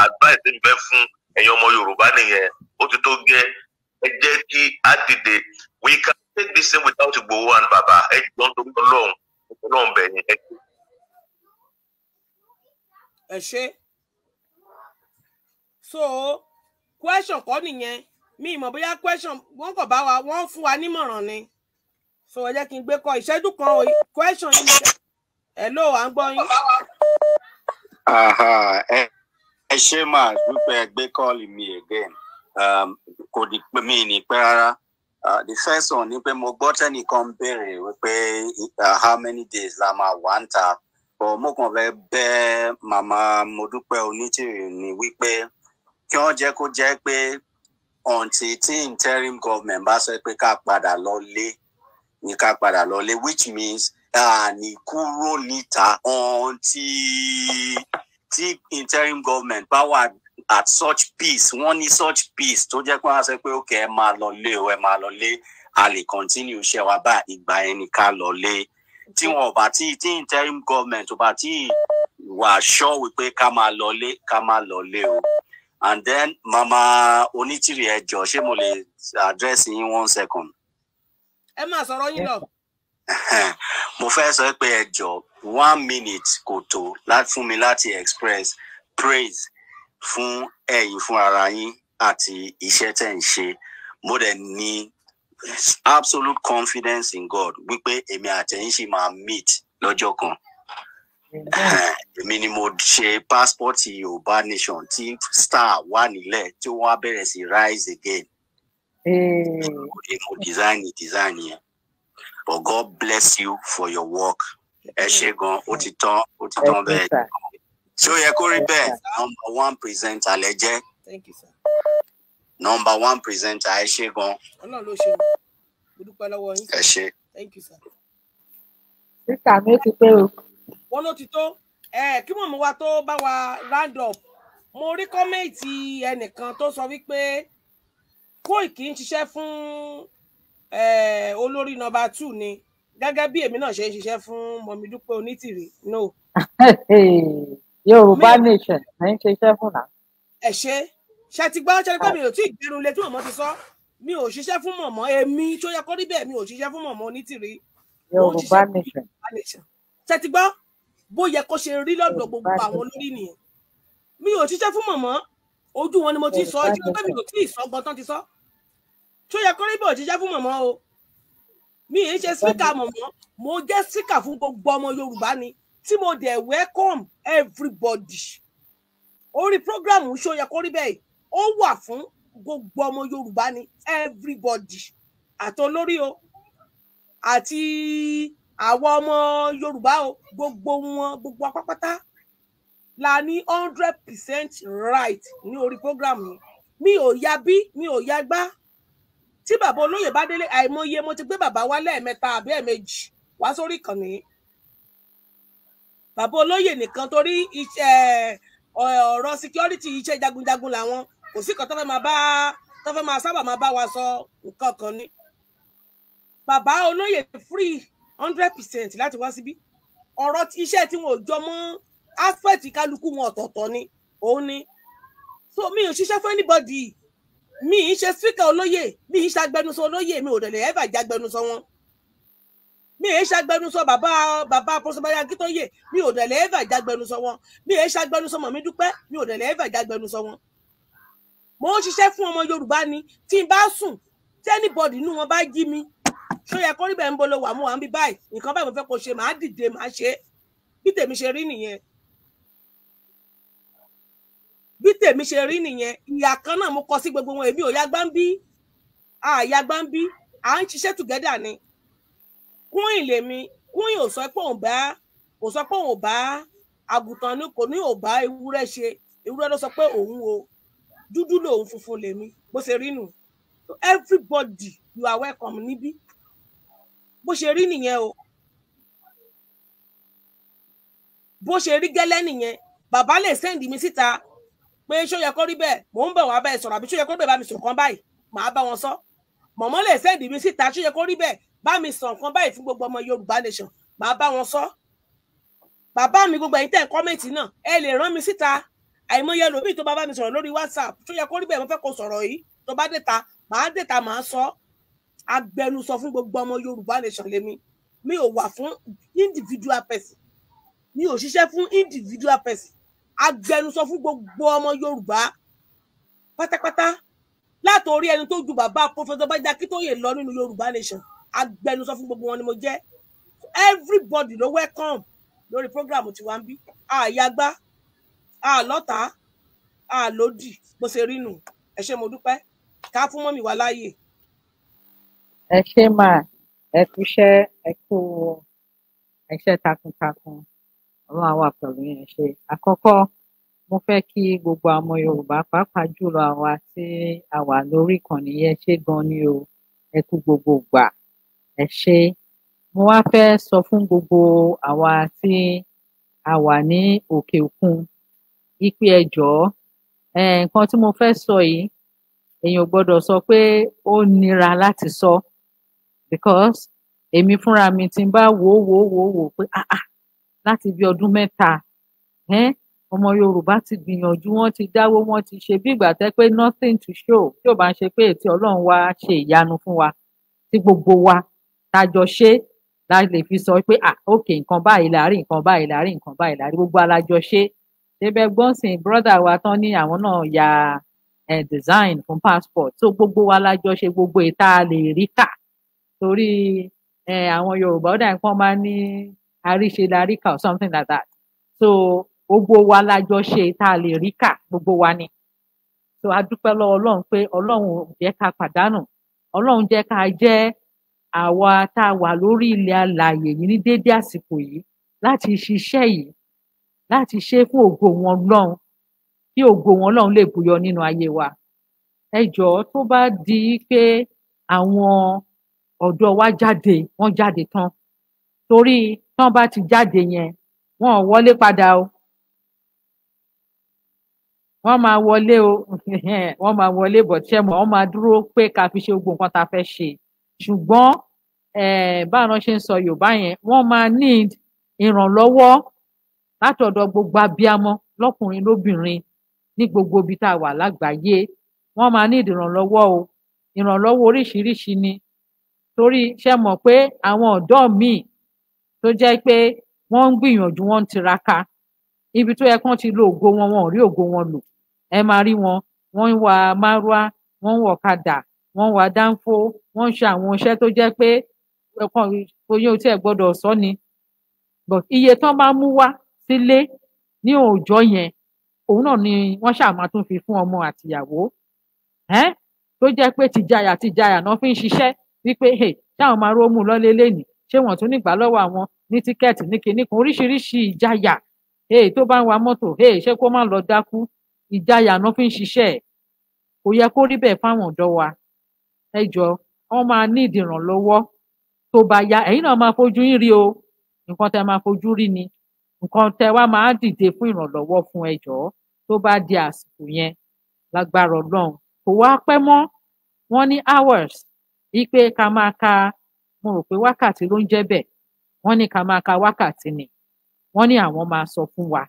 advice ń fún ẹ̀yin ọmọ Yorùbá nìyẹn ó ti tó gẹ́ ẹ jẹ́ kí á dìde we can take this thing without Ìgbòho and bàbá ẹ jọ ń torí Ọlọ́run Ọlọ́run bẹyìn ẹ jẹ́ ẹ ṣe so question kọ́ nìyẹn mi ìmọ̀ bóyá question wọ́n kàn bá wa wọ́n fún wa nímọ̀ràn ni so ẹ jẹ́ kí n gbé kọ ìṣẹ́jú kan question yìí hello à ń gbọ́ yín. ẹ ṣe máa dúpẹ́ gbé kọ́ọ̀lì mi again um, kò ní pẹ́ mi ní pẹ́ rárá. Uh, the first one ni pé mo gbọ́ tẹ́nìkan béèrè wípé uh, how many days la máa wà ń ta bọ̀ mo kàn màmá Modúpẹ́ Onítìrì ni wípé kí wọ́n jẹ́ kó jẹ́ pé ọ̀ǹtì tí interim government bá sọ pé ká padà lọ́lé ní ká padà lọ́lé which means àní kúrò níta ọ̀ǹtì tí interim government bá wà at such peace wọ́n ní such peace tó jẹ́ pé wọ́n á sọ pé ókè ẹ máa lọ́lé o ẹ máa lọ́lé a lè continue iṣẹ́ wa bá ìgbà ẹni ká lọ́lé tí wọn ò bá tí tí interim government ò bá tí wà sọ wípé ká máa lọlé ká máa lọlé o and then mama onítìrì ẹjọ ṣé mo lè address yín one second. ẹ máa sọ̀rọ̀ yín lọ. [LAUGHS] mo fẹ́ sọ pé ẹjọ one minute kò tó fún mi láti express praise fún ẹ̀yin fún ara yín àti iṣẹ́ tẹ̀ ń ṣe mo dẹ̀ ní absolute confidence in God wípé èmi àtẹ̀yìn sì máa meet lọ́jọ́ kan èmi ni mo ṣe passport Yorùbá nation tí star wà nílẹ̀ tí wọ́n á bẹ̀rẹ̀ sí rise again mo design design yẹn but God bless you for your work ẹ ṣe gan ó ti tán ó ti tán bẹ́ẹ̀ ṣó yẹ kó rí bẹ́ẹ̀ number one presenter lẹ jẹ́. Thank you, sir number one presenter ẹ ṣe gan. ẹ ṣe. thank you sir. sísà mi ti pé o. wọn ló ti tó kí mọ̀mọ́ wa tó bá wa round up mo rí kọ́mẹ̀ntì ẹnìkan tó sọ wípé Koiki ń ṣiṣẹ́ fún olórí number two ni gẹ́gẹ́ bí èmi náà ṣe ń ṣiṣẹ́ fún mọ̀mí dúpẹ́ onítìrì no. [LAUGHS] Yorùbá nation ẹ̀ ń ṣiṣẹ́ fún náà. ẹ ṣe ṣe ti gbọ́ ṣe ti pé ah. mi ò tí ì gbẹrun lé tí ti sọ mi ò ṣiṣẹ́ fún mọ̀mọ́ èmi tó yẹ kó rí bẹ́ẹ̀ mi ò ṣiṣẹ́ fún mọ̀mọ́ onítìrí yorùbá nation ṣe ti gbọ́ bó yẹ kó ṣe rí lọ́dọ̀ gbogbo àwọn olórí nìyẹn mi ò ṣiṣẹ́ fún mọ̀mọ́ ojú wọn ni mo ti sọ ọ́ ṣe pé mi ò tí ì sọ gbọ́n tán ti sọ tó yẹ kó rí ò ṣiṣẹ́ fún mọ̀mọ́ o mi ì ṣe spíkà mọ̀mọ́ mo jẹ́ spíkà fún gbogbo ọmọ yorùbá ni tí mo dẹ̀ welcome everybody orí program ṣó yẹ kó rí bẹ́ẹ̀ ó wà fún gbogbo ọmọ yorùbá ni everybody àtolórí o àti àwa ọmọ yorùbá o gbogbo wọn gbogbo apápátá la ní hundred percent right ní orí program yìí mi ò ya bí mi ò ya gbá tí bàbá olóyè bá délé àìmọye mo ti gbé bàbá wá lẹ́ẹ̀mẹ́ta àbí ẹ̀ẹ̀mejì wá sórí ìkànnì bàbá olóyè nìkan torí iṣẹ́ ọ̀rọ̀ security iṣẹ́ jagunjagun làwọn kò sí kan tó fẹ́ máa bá tó fẹ́ máa sábà máa bá wa sọ nǹkan kan ni bàbá olóyè free hundred percent láti wá síbí ọ̀rọ̀ iṣẹ́ tí wọn ò jọ mọ́ aspect kálukú wọn ọ̀tọ̀ọ̀tọ̀ ni òun ni so mi ò ṣiṣẹ́ fún anybody mi ì ṣe speaker olóyè mi ì ṣe agbẹnusọ olóyè mi ò dẹ̀ lè ever jẹ́ agbẹnusọ wọn mi ì ṣe agbẹnusọ bàbá bàbá pọsibáyà Akíntóyè mi ò dẹ̀ lè ever jẹ́ agbẹnusọ wọn mi ì ṣe agbẹnusọ Mọ̀mídúpẹ́ mi ò dẹ̀ lè jẹ́ agbẹnusọ wọn mò ń ṣiṣẹ́ fún ọmọ yorùbá ni tí n bá sùn tẹ́nìbọ̀dì inú wọn bá jí mi ṣó yẹ kó níbẹ̀ ń bolo wà mú wa ń bí báyìí nǹkan báyìí mo fẹ́ kó ṣe màá dìde màá ṣe é bí tèmi ṣe rí nìyẹn bí tèmi ṣe rí nìyẹn ìyà kan náà mo kọ sí gbogbo wọn èmi ò yá gbáǹbí àyà gbáǹbí à ń ṣiṣẹ́ tùgẹ́dà ni kúnyìn lèmi kúnyìn ò sọ pé òun bá ò sọ pé òun bá àgùntàn ni kò ní ò bá ewúrẹ́ ṣe ewúrẹ́ ló sọ pé òun o dúdú lòun funfun lèmi bó ṣe rí nù so everybody you are welcome níbí bó ṣe rí nìyẹn o bó ṣe rí gẹ́lẹ́ nìyẹn bàbá lè sẹ́ndì mi síta pé ṣó yẹ kó rí bẹ́ẹ̀ mò ń bẹ̀ wọ́n abẹ́ sọ̀rọ̀ àbí ṣó yẹ kó rí bẹ́ẹ̀ bá mi sọ̀rọ̀ kan báyìí màá bá wọn sọ mọ̀mọ́ lè sẹ́ndì mi síta ṣó yẹ kó rí bẹ́ẹ̀ bá mi sọ̀rọ̀ kan báyìí fún gbogbo ọmọ Yorùbá nation màá bá wọn sọ bàbá mi gbogbo ẹ̀yin tẹ̀ kọ́mẹ̀tì náà ẹ lè rán mi síta àìmọye ẹlòmíì tó bá bá mi sọ̀rọ̀ lórí whatsapp tó yẹ kó rí bẹ́ẹ̀ mo fẹ́ kó sọ̀rọ̀ yìí tó bá dẹ̀ta màá dẹ̀ta màá sọ agbẹnusọ fún gbogbo ọmọ yorùbá nation lèmi mi ò wà fún individual person mi ò ṣiṣẹ́ fún individual person agbẹnusọ fún gbogbo ọmọ yorùbá pátápátá látòrí ẹni tó ju bàbá pọfẹsọ bájá kí tó yè lọ nínú yorùbá nation agbẹnusọ fún gbogbo wọn ni mo jẹ́ everybody ló welcome lórí program tiwa ń Ah àyàgbá a lọ́ta a lòdì bó ṣe rí nù ẹ ṣé mo dúpẹ́ ká fún mọ́mì wa láàyè. ẹ ṣé máa ẹ kú iṣẹ́ ẹ kú iṣẹ́ takuntakun Ọlọ́run àwa pẹ̀lú yẹn ṣe àkọ́kọ́ mo fẹ́ kí gbogbo àwọn Yorùbá pàápàá jùlọ àwa tí a wà lórí ìkànnì yẹn ṣe gan ni o ẹ kú gbogbo gbà ẹ ṣé mo wá fẹ́ sọ fún gbogbo àwa tí a wà ní òkè òkun ipe ẹ jọ̀ọ́ nǹkan tí mo fẹ́ sọ yìí èèyàn ò gbọ́dọ̀ sọ pé ó nira láti sọ because èmi fúnra mi ti bá wò wò wò wò pé ah ah láti bí ọdún mẹ́ta ọmọ Yorùbá ti gbìyànjú wọ́n ti dáwó wọ́n ti ṣe bí ìgbà tẹ pé nothing to show tí ò bá ń ṣe pé ètí Ọlọ́run wa ṣe ìyanu fún wa tí gbogbo wa tá jọ ṣe la lè fi sọ pé ah ok nǹkan báyìí la rí nǹkan báyìí la rí nǹkan báyìí la rí gbogbo alájọ ṣebẹ gbọnsìn brọdà wa tán ní àwọn náà ya design fún passport so gbogbo wa la jọ ṣe gbogbo ìta lè rí kà torí àwọn yorùbá ó dà nǹkan máa ní àríṣe la kà or something like that so gbogbo wa la jọ ṣe ìta lè rí kà gbogbo wa ni so a dúpẹ́ lọ́wọ́ ọlọ́run pé ọlọ́run jẹ́ ká pàdánù ọlọ́run jẹ́ ká jẹ́ àwa tá a wà lórí ilẹ̀ alààyè yìí ní déédéé àsìkò yìí láti ṣiṣẹ́ yìí láti ṣe fún ògo wọn Ọlọ́run kí ògo wọn Ọlọ́run lè bùyọ nínú ayé wa ẹ jọ̀ọ́ tó bá di pé àwọn ọ̀dọ́ wa jáde wọ́n jáde tán torí tán bá ti jáde yẹn wọn ò wọlé padà o wọ́n máa wọlé o [LAUGHS] wọ́n máa wọlé bọ tí ẹ mọ̀ wọ́n máa dúró pé ká fi ṣe gbogbo nǹkan tá a fẹ́ ṣe ṣùgbọ́n eh, báwọn ṣe ń sọ Yorùbá yẹn wọ́n máa need ìrànlọ́wọ́ látọ̀dọ̀ gbogbo abiyamọ lọ́kùnrin lóbìnrin ní gbogbo ibi tá a wà lágbàáyé wọ́n máa ní ìrànlọ́wọ́ o ìrànlọ́wọ́ oríṣiríṣi ni torí ṣe mọ̀ pé àwọn ọ̀dọ́ míì tó jẹ́ pé wọ́n ń gbìyànjú wọ́n ń tiraka ibi tó yẹ kán ti lo ògo wọn wọn ò rí ògo wọn lò ẹ máa rí wọn wọ́n ń wa márúwá wọ́n ń wọ ọ̀kadà wọ́n ń wa dánfó wọ́n ń ṣe àwọn iṣẹ́ tó jẹ́ pé ẹkọ oyún tí ẹ gbọ́dọ̀ sọ ni iye tán bá mú wá sílé ní ọjọ́ yẹn òun náà ni wọn ṣáà máa tún fi fún ọmọ àtìyàwó tó jẹ pé tìjàyà tìjàyà náà fi ń ṣiṣẹ wípé táwọn máa rómù lọlé lẹni ṣé wọn tún nígbà lọ́wọ́ àwọn ní tíkẹ́ẹ̀tì ní kinní kan oríṣiríṣi ìjàyà tó bá ń wa mọ́tò ṣé kó má lọ dákú ìjàyà náà fi ń ṣiṣẹ kò yẹ kó rí bẹ́ẹ̀ fáwọn ọ̀dọ́ wa ẹ jọ wọn máa ní ìdìrànlọ́wọ́ tó bá yá ẹ̀yin náà máa fojú yín rí o nǹkan tẹ́ máa fojú rí ni nǹkan tẹ wá máa dìde fún ìrànlọ́wọ́ fún ẹjọ́ tó bá di àsìkò yẹn lágbára Ọlọ́run kò wá pẹ́ mọ́ wọ́n ní hours wípé ká máa ka mo rò pé wákàtí ló ń jẹ́ bẹ́ẹ̀ wọ́n ní ká máa ka wákàtí ni wọ́n ní àwọn máa sọ fún wa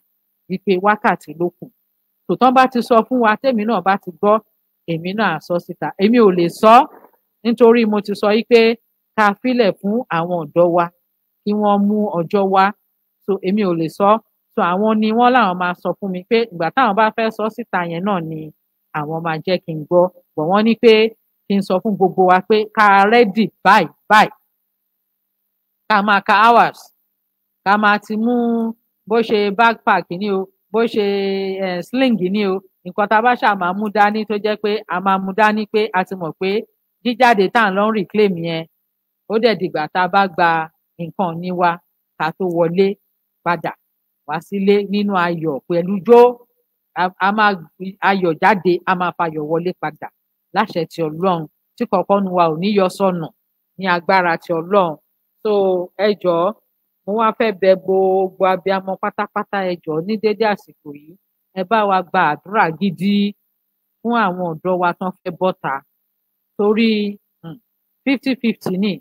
wípé wákàtí ló kù tòtán bá ti sọ fún wa tèmi náà bá ti gbọ́ èmi náà sọ síta èmi ò lè sọ nítorí mo ti sọ wípé ká filẹ̀ fún àwọn ọ̀dọ́ wa kí wọ́n mú ọjọ́ wá so èmi ò lè sọ so àwọn ni wọn làwọn máa sọ fún mi pé ìgbà táwọn bá fẹ́ sọ síta yẹn náà ni àwọn máa jẹ́ kí n gbọ́ bọ̀ wọ́n ní pé kí n sọ fún gbogbo wa pé ká rẹ́dì báyìí báyìí ká máa ka hours ká máa ti mú bó ṣe backpack ni o bó ṣe sling ni o nǹkan tá a bá ṣáà máa mú dání tó jẹ́ pé a máa mú dání pé a ti mọ̀ pé jíjáde tá à ń lọ reclaim yẹn ó dẹ̀ dìgbà tá a bá gba nǹkan ní wa ká tó wọlé padà wá sílé nínú ayọ̀ pẹ̀lú jó a máa ayọ̀ jáde a máa fayọ̀ wọlé padà láṣẹ ti Ọlọ́run tí kọ̀ọ̀kan nu wa ò ní yọ sọnù ní agbára ti Ọlọ́run so ẹ jọ̀ọ́ mo wá fẹ́ bẹ̀ gbogbo abiyamọ pátápátá ẹ jọ̀ọ́ ní dédé àsìkò yìí ẹ bá wa gba àdúrà gidi fún àwọn ọ̀dọ́ wa tán fẹ́ bọ́ta torí hmm, fifty fifty ni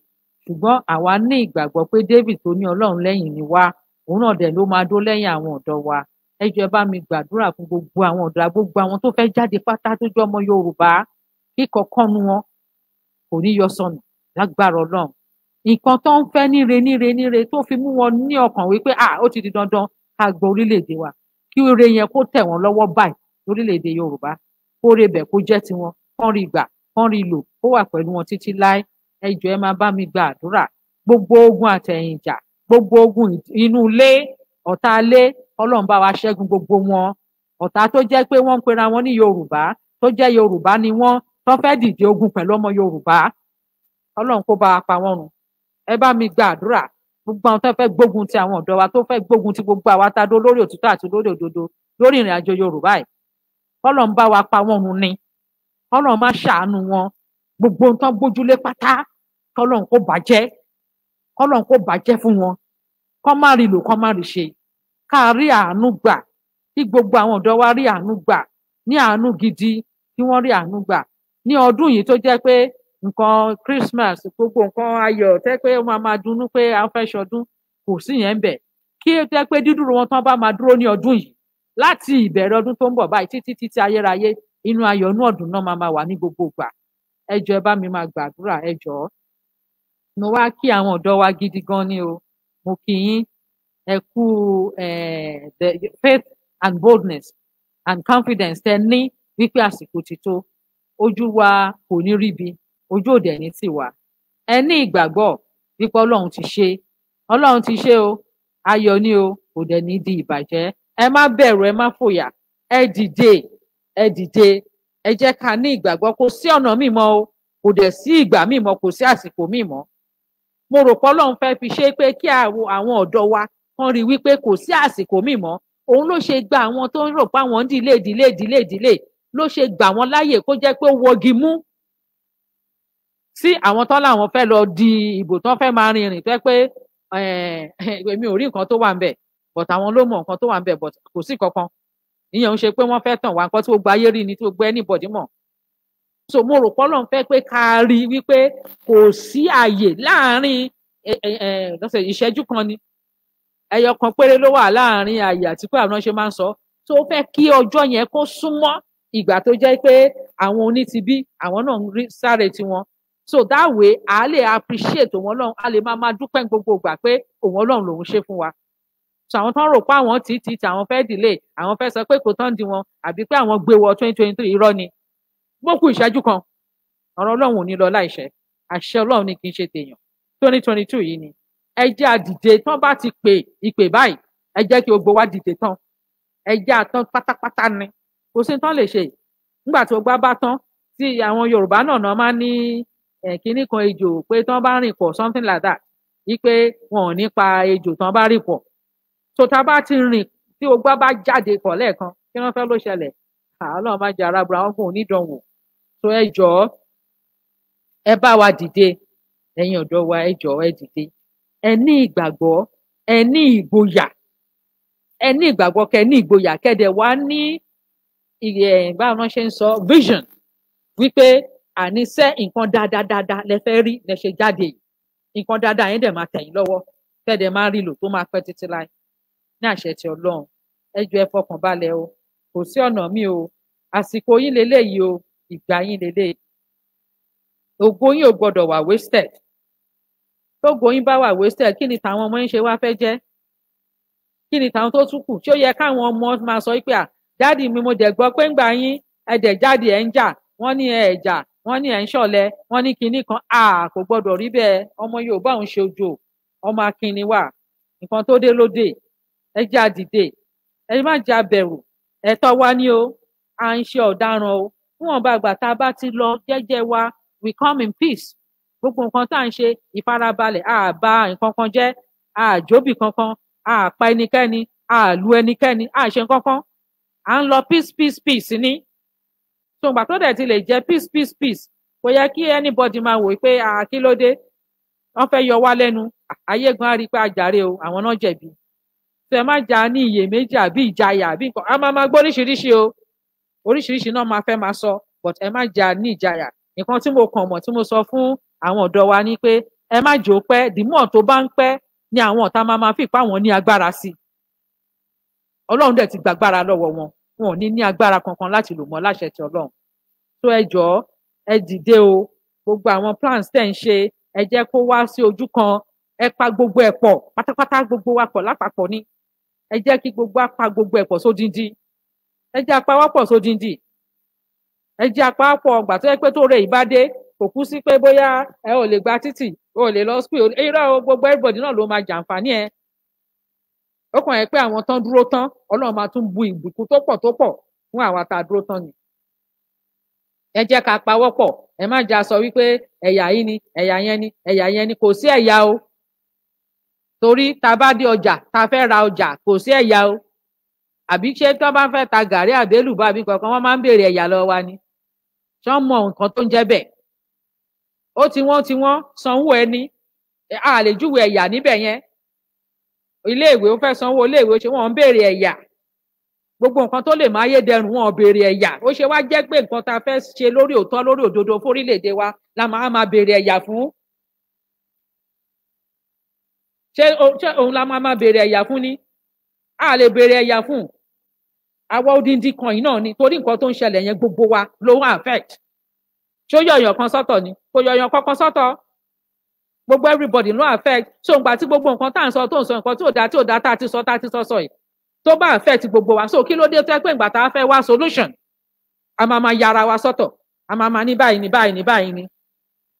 ṣùgbọ́n àwa ní ìgbàgbọ́ pé David tó ní Ọlọ́run lẹ́yìn ni wá òun náà dẹ ló máa dó lẹ́yìn àwọn ọ̀dọ́ wa ẹ jọ̀ọ́ ẹ bá mi gbàdúrà fún gbogbo àwọn ọ̀dọ́ gbogbo àwọn tó fẹ́ jáde pátá tó jọmọ Yorùbá kíkọkọ nu wọn kò ní yọ sọnù lágbára Ọlọ́run nǹkan tó ń fẹ́ níre níre níre tó fi mú wọn ní ọkàn wípé ah ó ti di dandan ká gbọ́ orílẹ̀-èdè wa kí ire yẹn kó tẹ̀ wọ́n lọ́wọ́ báyìí lórílẹ̀-èdè Yorùbá kó re bẹ̀ kó jẹ́ tiwọn kán rí gbà kán rí lò kó wà pẹ̀lú wọn títí láé ẹ jọ̀ọ́ ẹ máa bá mi gba gbogbo ogun àtẹ̀yìnjà gbogbo ogun inú ilé ọ̀tá ilé ọlọ́run bá wa ṣẹ́gun gbogbo wọn ọ̀tá tó jẹ́ pé wọ́n ń pera wọn ní yorùbá tó jẹ́ yorùbá ni wọ́n tó fẹ́ dìde ogun pẹ̀lú ọmọ yorùbá ọlọ́run kó bá wa pa wọ́n run ẹ bá mi gba àdúrà gbogbo àwọn tó fẹ́ gbógun ti àwọn ọ̀dọ́ wa tó fẹ́ gbógun ti gbogbo àwa tá a dó lórí òtítọ́ àti lórí òdodo lórí ìrìn àjò yorùbá yìí ọlọ́run bá wa pa wọ́n run ni ọlọ́run má ṣàánú wọn gbogbo nǹkan gbójúlé pátá kọlọ́run kó bàjẹ́ kọlọ́run kó bàjẹ́ fún wọn kọ́ má rí lò kọ́ má rí ṣe ká rí àánú gbà kí gbogbo àwọn ọ̀dọ́ wa rí àánú gbà ní àánú gidi kí wọ́n rí àánú gbà ní ọdún yìí tó jẹ́ pé nǹkan Christmas gbogbo nǹkan ayọ̀ tẹ́ pé ó máa máa dunnú pé a fẹ́ ṣọdún kò sí yẹn bẹ̀ kí ó jẹ́ pé dídúró wọn tán bá máa dúró ní ọdún yìí láti ìbẹ̀rẹ̀ ọdún tó ń bọ̀ báyìí títí títí ayérayé inú ayọ̀ inú ọdún náà máa máa wà ní gbogbo ìgbà ẹ ẹ bá mi máa gbàdúrà ẹ mo wá kí àwọn ọ̀dọ́ wa gidi gan ni o mo kí yín ẹ kú faith and boldness and confidence tẹ ní wípé àsìkò ti tó ojú wa kò ní ríbi ojú òde ní tiwa ẹ ní ìgbàgbọ́ wípé Ọlọ́run ti ṣe Ọlọ́run ti ṣe o ayọ̀ ni o kò dẹ̀ ní di ìbàjẹ́ ẹ má bẹ̀rù ẹ má fòyà ẹ dìde ẹ dìde ẹ jẹ́ ká ní ìgbàgbọ́ kò sí ọ̀nà mímọ́ o kò dẹ̀ sí ìgbà mímọ́ kò sí àsìkò mímọ́ mo rò pé Ọlọ́run fẹ́ẹ́ fi ṣe pé kí àwọn ọ̀dọ́ wa kan rí wípé kò sí àsìkò míì mọ́ òun ló ṣe gba àwọn tó ń rò pé àwọn ń dílé ìdílé ìdílé ìdílé ló ṣe gbà wọn láàyè kó jẹ́ pé ó wọgi mú sí àwọn tán làwọn fẹ́ lọ di ìbò tán fẹ́ máa rin ìrìn tó yẹ pé eh, [LAUGHS] èmi ò rí nǹkan tó wà ń bẹ̀ but àwọn ló mọ nǹkan tó wà ń bẹ̀ but kò sí kankan ìyẹn ń ṣe pé wọ́n fẹ́ tàn wá nǹkan tí gbogbo ayé rí ni tí gbogbo anybody mọ̀ so mo rò pé Ọlọ́run fẹ́ pé ká rí i wípé kò sí àyè láàárín ìṣẹ́jú kan ni ẹyọ kan péré ló wà láàárín àyè àti pé àwọn ṣe máa ń sọ tó fẹ́ kí ọjọ́ yẹn kó súnmọ́ ìgbà tó jẹ́ pé àwọn onítìbí àwọn náà ń rí sáré tiwọn so that way a lè appreciate òun Ọlọ́run a lè máa máa dúpẹ́ gbogbo ìgbà pé òun Ọlọ́run lòun ṣe fún wa so àwọn tó ń rò pé àwọn tí tí tí àwọn fẹ́ delay àwọn fẹ́ sọ pé kò tán di wọn àbí pé àwọn gbé wọ twenty twenty three irọ́ ni bó kù ìṣẹ́jú kan ọ̀rọ̀ ọlọ́run ò ní lọ láìṣẹ àṣẹ ọlọ́run ni kì í ṣe tèèyàn twenty twenty two yìí ni ẹ jẹ́ àdìde tán bá ti pè ìpè báyìí ẹ jẹ́ kí gbogbo wa dìde tán ẹ jẹ́ àtán pátápátá ni kò sí tán lè ṣe nígbà tí gbogbo bá tán tí àwọn yorùbá náà náà máa ní kínní kan ejò pé tán bá rìn pọ̀ something like that wípé wọn ò ní pa ejò tán bá rìn pọ̀ tó tá a bá ti rìn tí gbogbo bá jáde pọ̀ lẹ́ẹ̀kan kí wọ́n fẹ́ ló ṣẹlẹ̀ àwọn náà máa jẹ arábùrà wọn kò ní dánwò so ẹ jọ̀ọ́ ẹ bá wa dìde ẹ̀yin ọ̀dọ́ wa ẹ jọ̀ọ́ ẹ dìde ẹ ní ìgbàgbọ́ ẹ ní ìgboyà ẹ ní ìgbàgbọ́ kẹ ní ìgboyà kẹdẹ wá ní ìyẹ báwọn ṣe ń sọ vision wípé àníṣe nǹkan dáadáa lẹ fẹ́ rí lẹ ṣe jáde yìí nǹkan dáadáa yẹn dẹ̀ máa tẹ̀yìn lọ́wọ́ kẹdẹ máa rí lò tó máa pẹ́ títí láì ní àṣẹ ti Ọlọ́run ẹ jọ̀ọ́ ẹ fọkàn balẹ̀ o kò sí ọ̀nà mi o àsìkò yín lélẹyìí o ìgbà yín lélẹ̀ ògo yín ò gbọdọ̀ wà wasted tógo yín bá wà wasted kí ni tàwọn ọmọ yín ṣe wá fẹ́ jẹ́ kí ni tàwọn tó tún kù tí ó yẹ káwọn ọmọ máa sọ pé à dáàdì mi mo dẹ̀ gbọ́ pé ń gbà yín ẹ̀dẹ̀ jáde ẹ̀ ń jà wọ́n ní ẹ̀ jà wọ́n ní ẹ̀ ń ṣọ̀lẹ wọ́n ní kinní kan à kò gbọdọ̀ rí bẹ́ẹ̀ ọmọ Yorùbá òun ṣe ojo ọmọ akínni wà nǹkan tó dé ló ẹ jẹ́ àdìde ẹ má jẹ́ abẹ̀rù ẹ̀tọ́ wa ni o à ń ṣe ọ̀daràn o níwọ̀nba ìgbà tá a bá ti lọ jẹ́jẹ́ wa we come in peace gbogbo nǹkan tá à ń ṣe ìfarabalẹ̀ a bà nǹkan kan jẹ́ a jóbì kankan a pa ẹnikẹ́ni a lu ẹnikẹ́ni a ṣe kankan à ń lọ peace peace peace ni so ìgbà tó dẹ̀ ti lè jẹ́ peace peace peace kò yẹ kí anybody máa wò pé kí ló dé wọn fẹ́ yọ wá lẹ́nu ayé gan arí pé àjàre o àwọn náà jẹ̀bi tẹ má jà ní iyèméjì àbí ìjayà àbí nǹkan a máa máa gbọ́ oríṣiríṣi o oríṣiríṣi náà máa fẹ́ máa sọ but ẹ má jà ní ìjayà nǹkan tí mo kàn mọ̀ tí mo sọ fún àwọn ọ̀dọ́ wa ni pé ẹ má jò pẹ́ dìmọ̀ tó bá ń pẹ́ ni àwọn ọ̀tá máa máa fi ipá wọn ní agbára sí i ọlọ́run dẹ̀ ti gbàgbára lọ́wọ́ wọn wọn ò ní ní agbára kankan láti lò mọ́ láṣẹ ti ọlọ́run tó ẹ jọ̀ọ́ ẹ dìde o gbogbo àwọn plans tẹ̀ ń ṣe ẹ jẹ́ kó wá sí ojú kan ẹ pa gbogbo ẹ̀ pọ̀ pátápátá gbogbo wa pọ̀ lápapọ̀ ni ẹ jẹ́ kí gbogbo apá gbogbo ẹ̀ pọ̀ ẹ jẹ́ apáwápọ̀ sódìndì ẹ jẹ́ apáwápọ̀ ọgbà tó yẹ pé tó rẹ ìbádé kò kú sí pé bóyá ẹ ò lè gba títì o ò lè lọ school irọ́ gbogbo everybody náà ló máa jàǹfààní ẹ ó kàn yẹ pé àwọn tán dúró tán ọlọ́run máa tún bu ìbùkún tó pọ̀ tó pọ̀ fún àwa tá a dúró tán ni ẹ jẹ́ ká pawọ́pọ̀ ẹ má jà sọ wípé ẹ̀yà yìí ni ẹ̀yà yẹn ni ẹ̀yà yẹn ni kò sí ẹ̀yà o torí tá a bá dé ọjà tá a fẹ́ ra ọjà kò sí ẹ̀yà o àbí ṣé tí wọ́n bá fẹ́ ta gàrí àdélùbọ́ àbí kankan wọ́n máa ń béèrè ẹ̀yà lọ́wọ́ wa ni ṣé wọ́n mọ nǹkan tó ń jẹ́ bẹ́ẹ̀ ó ti wọ́n ti wọ́n sanwó ẹni a lè júwe ẹ̀yà níbẹ̀ yẹn iléèwé ó fẹ́ sanwó iléèwé ṣé wọ́n ń béèrè ẹ̀yà gbogbo nǹkan tó lè máa yé dẹrùn wọn béèrè ẹ̀yà ó ṣe wá jẹ́ pé nǹkan tá a fẹ́ ṣe lórí òótọ́ lórí òdodo fórílẹ̀-èdè wa la máa máa béèrè ẹ̀yà fún ṣé òun la máa máa béèrè ẹ̀yà fún ni a lè béèrè ẹ̀yà fún àwa odindi kan yìí náà ni torí nǹkan tó ń ṣẹlẹ̀ yẹn gbogbo wa ló ń affect ṣó yọ̀yàn kan sọ́tọ̀ ni kò yọ̀yàn kankan sọ́tọ̀ gbogbo everybody ló affect ṣó ń gbà tí gbogbo nǹkan tá à ń sọ tó ń sọ nǹkan tí ò dá tí ò dá tá a ti sọ tá a ti sọ sọ yìí tó bá affect gbogbo wa so kí ló dé tó ẹ pé ìgbà tá a fẹ́ wá solution a máa ma yára wa sọ́tọ̀ a máa ma ní báyìí ní báyìí ní báyìí ní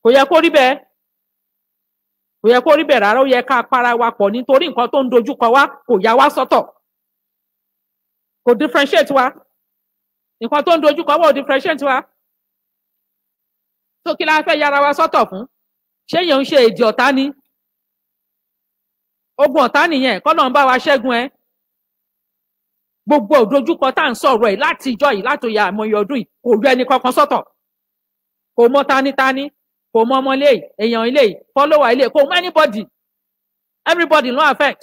kò yẹ kó rí bẹ́ẹ̀ kò yẹ kó rí bẹ́ẹ̀ rárá ó yẹ ká para wa pọ̀ nítorí nǹkan tó ń dojúkọ wa kò yá wa sọ́tọ̀ kò differentiate wa nǹkan tó ń dojú kọ wọ́n ò differentiate wa tó kí la fẹ́ yára wa sọ́tọ̀ fún ṣé yẹn ń ṣe èdè ọ̀tá ni ogun ọ̀tá nìyẹn kọ́nà ń bá wa ṣẹ́gun ẹ gbogbo òdojúkọ tá à ń sọ̀rọ̀ ẹ̀ láti ìjọ yìí látòyà àmọye ọdún yìí kò rí ẹni kankan sọ́tọ̀ kò mọ tanitani kò mọ ọmọ ilé èèyàn ilé fọ́lọ́wà ilé kò mọ anybody everybody no affect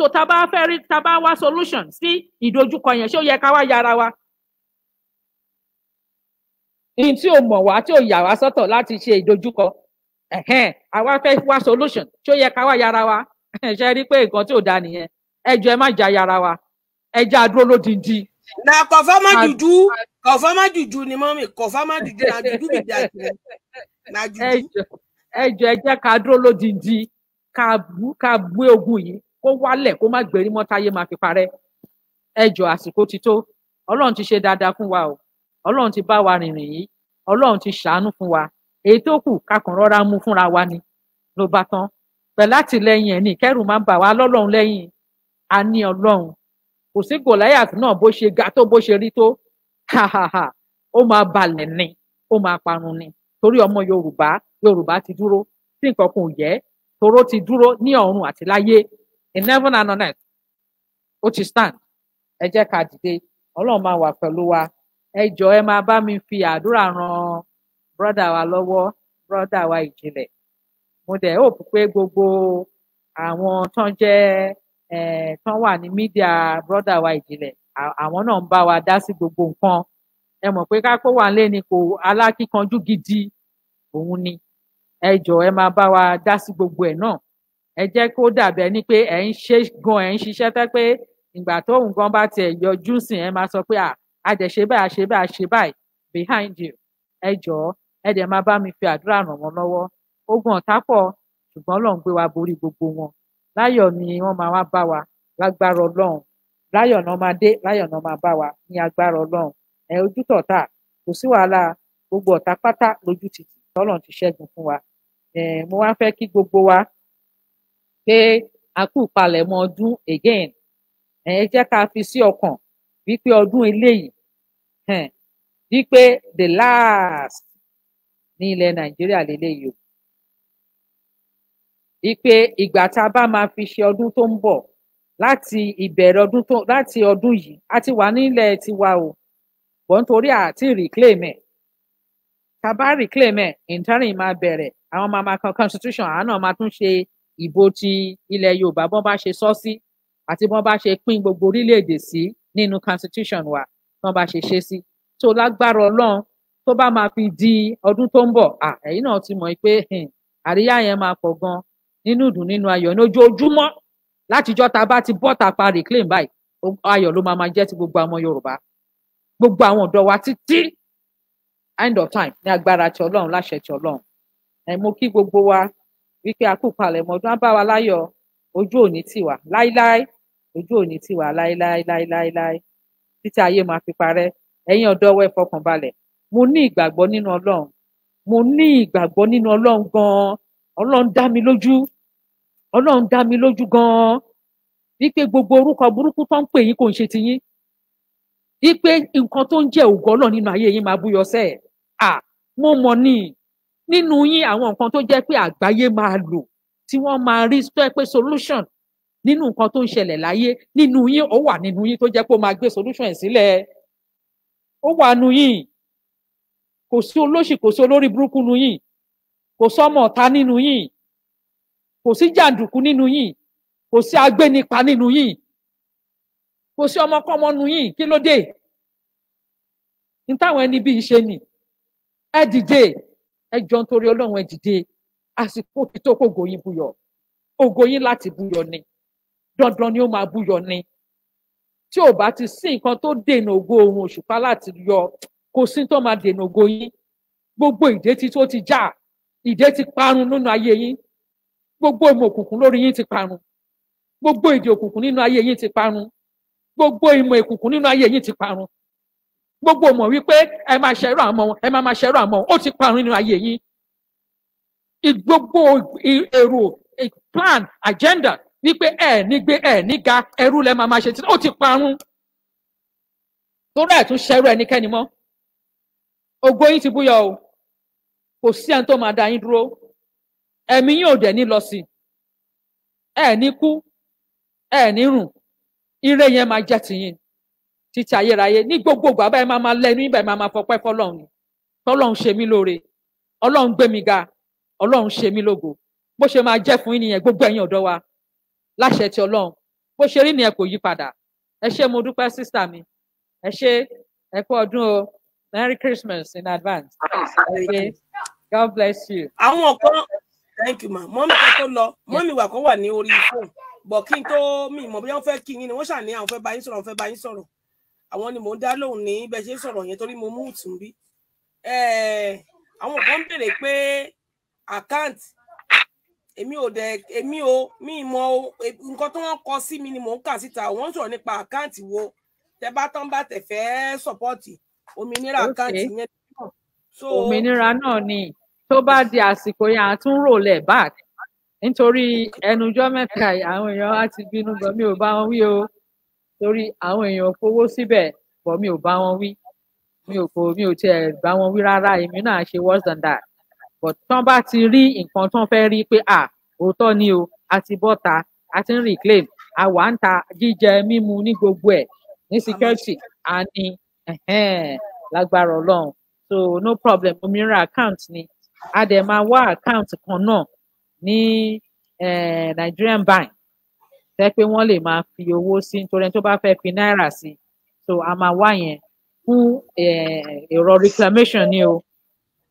so tá a bá fẹ́ rí tá bá wá solution sí ìdojúkọ yẹn ṣé ó yẹ ká wá yára wa ní tí ò mọ̀ wá tí ò yà wá sọ́tọ̀ láti ṣe ìdojúkọ àwa fẹ́ wá solution tí ó yẹ ká wá yára wa ṣe rí pé nǹkan tí ò da nìyẹn ẹ jọ̀ọ́ ẹ má jà yára wa ẹ já dúró lódìndí. na kọfọ́mọ́ jùjú kọfọ́mọ́ jùjú ni mọ́mí kọfọ́mọ́ jùjú na jùjú mi dà jù na jùjú. ẹ jọ̀ọ́ ẹ jẹ́ ká dúró lódìndí ká bú ká bú ogun yìí kó wálẹ̀ kó má gbèrí mọ́ táyé máa fi parẹ́ ẹ jọ àsìkò ti tó Ọlọ́run ti ṣe dáadáa fún wa o Ọlọ́run ti bá wa rìnrìn yìí Ọlọ́run ti ṣàánú fún wa èyí tó kù kakàn rọra mú fúnra wa ni ló bá tán pẹ̀lú àtìlẹ́yìn ẹ̀ ní kẹ́rù máa ń bà wá lọ́lọ́run lẹ́yìn a ní Ọlọ́run kò sí Gòláyàtì náà bó ṣe ga tó bó ṣe rí tó ha ha ha ó máa balẹ̀ ni ó máa parun ni torí ọmọ Yorùbá Yorùbá ti dúró tí nǹkan kan ò yẹ toró ti dúró ní ọ̀run àti láyé in heaven and on earth ó ti stand ẹ jẹ́ ká dìde ọlọ́run máa wà pẹ̀lú wa ẹ jọ ẹ máa bá mi fi àdúrà ran brọ́dà wa lọ́wọ́ brọ́dà wa ìjìnlẹ̀ mo dẹ̀ hope pé gbogbo àwọn tán ẹ tán wà ní mídíà brọ́dà wa ìjìnlẹ̀ àwọn náà ń bá wa dá sí gbogbo nǹkan ẹ mọ̀ pé kákó wà lé ni kò alákíkanjú gidi òun ni ẹ jọ ẹ máa bá wa dá sí gbogbo ẹ̀ náà ẹ jẹ́ kó dàbẹ̀ ni pé ẹ̀ ń ṣe gan ẹ̀ ń ṣiṣẹ́ fẹ́ pé ìgbà tóun gan bá tiẹ̀ yọjú sìn ẹ̀ máa sọ pé a dẹ̀ ṣe báyìí a ṣe báyìí a ṣe báyìí behind you ẹ jọ̀ọ́ ẹ dẹ̀ máa bá mi fi àdúrà ràn wọ́n lọ́wọ́ ogun ọ̀tá pọ̀ ṣùgbọ́n Ọlọ́run gbé wa borí gbogbo wọn láyọ̀ ni wọ́n máa wá bá wa lágbára Ọlọ́run láyọ̀ náà máa dé láyọ̀ náà máa bá wa ní agbára Ọlọ́run ẹ ojú tọ̀tà kò sí wàhálà gbogbo ọ̀tá pátá lójú títì tọ́lọ́run ti ṣẹ́gun fún wa mo wá fẹ́ kí gbogbo wa pé a kú palẹ̀mọ́ ọdún again ẹ jẹ́ ká fi sí ọkàn wípé ọdún eléyìí wípé the last ní ilẹ̀ nàìjíríà lélẹ́yìí o wípé ìgbà tá a bá máa fi ṣe ọdún tó ń bọ̀ láti ìbẹ̀rẹ̀ ọdún tó láti ọdún yìí a ti wà nílẹ̀ tiwa o bọ̀ nítorí àti reclaim ẹ̀ tá a bá reclaim ẹ̀ interim máa bẹ̀rẹ̀ àwọn máa máa kan constitution àwọn náà máa tún ṣe ìbò ti ilẹ̀ yorùbá bọ́n bá ṣe sọ sí àti bọ́n bá ṣe pín gbogbo orílẹ̀ sí nínú constitution wa bọ́n bá ṣe ṣe sí tó lágbára ọlọ́run tó bá máa fi di ọdún tó ń bọ̀ ẹ̀yin náà ti mọ̀ pé hmm, àríyá yẹn máa pọ̀ gan nínú ìdùn nínú ayọ̀ ní ojoojúmọ́ látijọ́ ta bá ti bọ́ tàpá reclaim báyìí ayọ̀ ló máa máa jẹ́ ti gbogbo àwọn yorùbá gbogbo àwọn ọ̀dọ́ wa títí end of time ní agbára ti ọlọ́run láṣẹ ti ọlọ́run ẹ̀ mo kí gbogbo wa wípé a kú palẹ̀mọ́ ọdún á bá wa láyọ̀ ojú òní tì wá láíláí ojú òní tì wá láíláí láíláí títí ayé máa fi parẹ́ ẹ̀yin ọ̀dọ́ ọwọ́ ẹ fọkàn balẹ̀ mo ní ìgbàgbọ́ nínú Ọlọ́run mo ní ìgbàgbọ́ nínú Ọlọ́run gan-an Ọlọ́run dá mi lójú Ọlọ́run dá mi lójú gan-an wípé gbogbo orúkọ burúkú tó ń pè yín kò ń ṣe tiyín wípé nǹkan tó ń jẹ́ ògo Ọlọ́run nínú ayé yín máa búyọ sẹ́ẹ̀ à mo mọ̀ ni nínú yín àwọn nǹkan tó jẹ́ pé àgbáyé máa lò tí wọ́n máa rí tó jẹ́ pé solution nínú nǹkan tó ń ṣẹlẹ̀ láyé nínú yín ó wà nínú yín tó jẹ́ pé ó máa gbé solution ẹ̀ sílẹ̀ ó wà nínú yín kò sí olóṣì kò sí olórí burúkú nínú yín kò sọmọ ọ̀tá nínú yín kò sí jàǹdùkú nínú yín kò sí agbénipa nínú yín kò sí ọmọkọ́mọ nínú yín kí ló dé ní táwọn ẹni bí ṣe nì ẹ dìde ẹ jọ nítorí Ọlọ́run ẹ dìde àsìkò ti tó kó ògo yín búyọ ògo yín láti búyọ ni dandan ni ó máa búyọ ni tí ò bá ti sí nǹkan tó dènà ògo òun òṣùpá láti yọ kò sí tó máa dènà ògo yín gbogbo ìdè tí tó ti já ìdè ti parun nínú ayé yín gbogbo ìmọ̀ òkùnkùn lórí yín ti parun gbogbo ìdè òkùnkùn nínú ayé yín ti parun gbogbo ìmọ̀ òkùnkùn nínú ayé yín ti parun gbogbo mọ̀ wípé ẹ máa ṣẹ̀rọ àmọ́ ẹ máa máa ṣẹ̀rọ àmọ́ ó ti parun nínú ayé yín gbogbo èrò plan agenda wípé ẹ ní gbé ẹ ní ga ẹrú lẹ máa máa ṣe títí ó ti parun torí ẹ̀ tún ṣẹ̀rọ ẹnikẹ́ni mọ́ ògo yín ti búyọ o kò sí ẹni tó máa dá yín dúró ẹ̀mí yín ò dẹ̀ ní lọ sí ẹ ní kú ẹ ní rùn ire yẹn máa jẹ́ tiyín títí ayérayé ní gbogbo ìgbà báyìí máa máa lẹ́nu yín báyìí máa máa fọpẹ́ fọ́lọ́run ni fọ́lọ́run ṣe mí lóore ọlọ́run gbé mi ga ọlọ́run ṣe mí lógo bó ṣe máa jẹ́ fún yín nìyẹn gbogbo ẹ̀yin ọ̀dọ́ wa láṣẹ ti ọlọ́run bó ṣe rí nìyẹn kò yí padà ẹ ṣé mo dúpẹ́ sísà mi ẹ ṣé ẹ kú ọdún o merry christmas in advance ẹ ṣé god bless you. àwọn kan thank you ma mọ́mí kan tó lọ mọ́mí wà kan wà ní orí fóònù bọ̀ kí n tó mi ìmọ̀ bí wọ́n fẹ́ kí yín ni wọ́n ṣàní àwọn fẹ́ bá yín sọ̀rọ̀ àwọn fẹ́ bá yín sọ̀rọ̀ àwọn ni mò ń dá lóhùn ní bẹ ṣe sọ̀rọ̀ yẹn torí mo mú ìtún bí àwọn kan ń béèrè pé àkáǹtì èmi ò dẹ èmi ò mi mọ nǹkan tó wọn kọ sí mi ni mò ń kà síta wọn ń sọ̀rọ̀ nípa àkáǹtì wo tẹ bá tán bá tẹ fẹ́ sọpọtì òmìnira àkáǹtì yẹn náà. òmìnira náà ni tó bá di àsìkò yẹn à rò lẹ back nítorí ẹnujọ mẹ́ta àwọn èèyàn á ti bínú gan mi ò bá wọn wí o torí àwọn èèyàn fowó síbẹ̀ bọ̀ mi ò bá wọn wí mi ò bò mi ò tiẹ̀ bá wọn wí rárá èmi náà ṣe worse than that but tán bá ti rí nǹkan tán fẹ́ rí pé à òótọ́ ni o a ti bọ́ta a ti ń reclaim a wà ń ta jíjẹ mímu ní gbogbo ẹ̀ ní security a ní lágbára Ọlọ́run so no problem òmìnira account ni a dẹ̀ máa wá account kan náà ní eh, Nigerian bank tẹ pé wọn lè máa fi owó sí nítorí tó bá fẹ́ fi náírà sí so a máa wá yẹn fún ẹ̀rọ reclamation ni o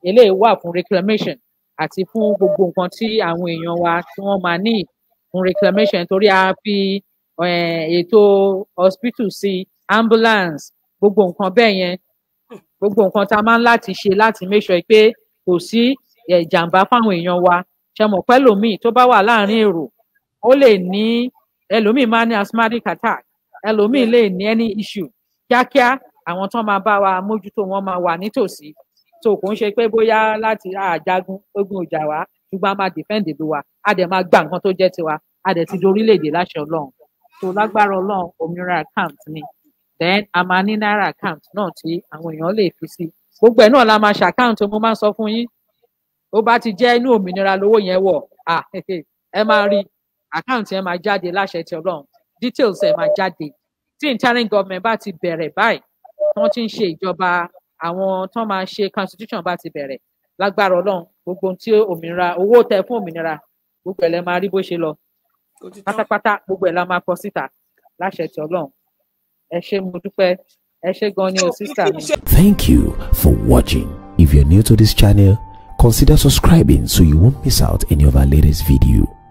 eléyìí wà fún reclamation àti fún gbogbo nǹkan tí àwọn èèyàn wa tí wọn máa ní fún reclamation torí a fi ètò hospital sí ambulance gbogbo nǹkan bẹ́ẹ̀ yẹn gbogbo nǹkan tá a máa ń láti ṣe láti make sure pé kò sí ìjàmbá fáwọn èèyàn wa ṣe mọ̀ pẹ́lòmíì tó bá wà láàrin èrò ó lè ní ẹlòmíì máa ní asthmatic attack ẹlòmíì lè ní any issue kíákíá àwọn tó máa bá wa mójútó wọn máa wà nítòsí tó kò ń ṣe pé bóyá láti àjagun ogun ọjà wa ṣùgbọ́n a máa defend ìlú wa a dẹ̀ máa gba nǹkan tó jẹ́ tiwa a dẹ̀ ti di láṣẹ ọlọ́run tó lágbára ọlọ́run òmìnira account ni then a máa ní náírà account náà tí àwọn èèyàn lè fi sí gbogbo ẹ̀ náà la máa ṣàkáǹtì mo máa ń sọ fún yín ó bá ti jẹ́ inú òmìnira lówó yẹn wọ̀ [LAUGHS] ẹ máa rí àkáǹtì ẹ máa jáde láṣẹ ti Ọlọ́run details ẹ máa jáde tí interim government bá ti bẹ̀rẹ̀ báyìí wọ́n ti ń ṣe ìjọba àwọn tó máa ṣe constitution bá ti bẹ̀rẹ̀ lágbára Ọlọ́run gbogbo tí òmìnira owó tẹ fún òmìnira gbogbo ẹ lẹ máa rí bó ṣe lọ pátápátá gbogbo ẹ la máa kọ síta láṣẹ ti Ọlọ́run ẹ ṣé mo dúpẹ́ ẹ ṣé gan ni o sísà mi. Thank you for watching. If you're new to this channel, consider subscribing so you won't miss out any of our latest videos.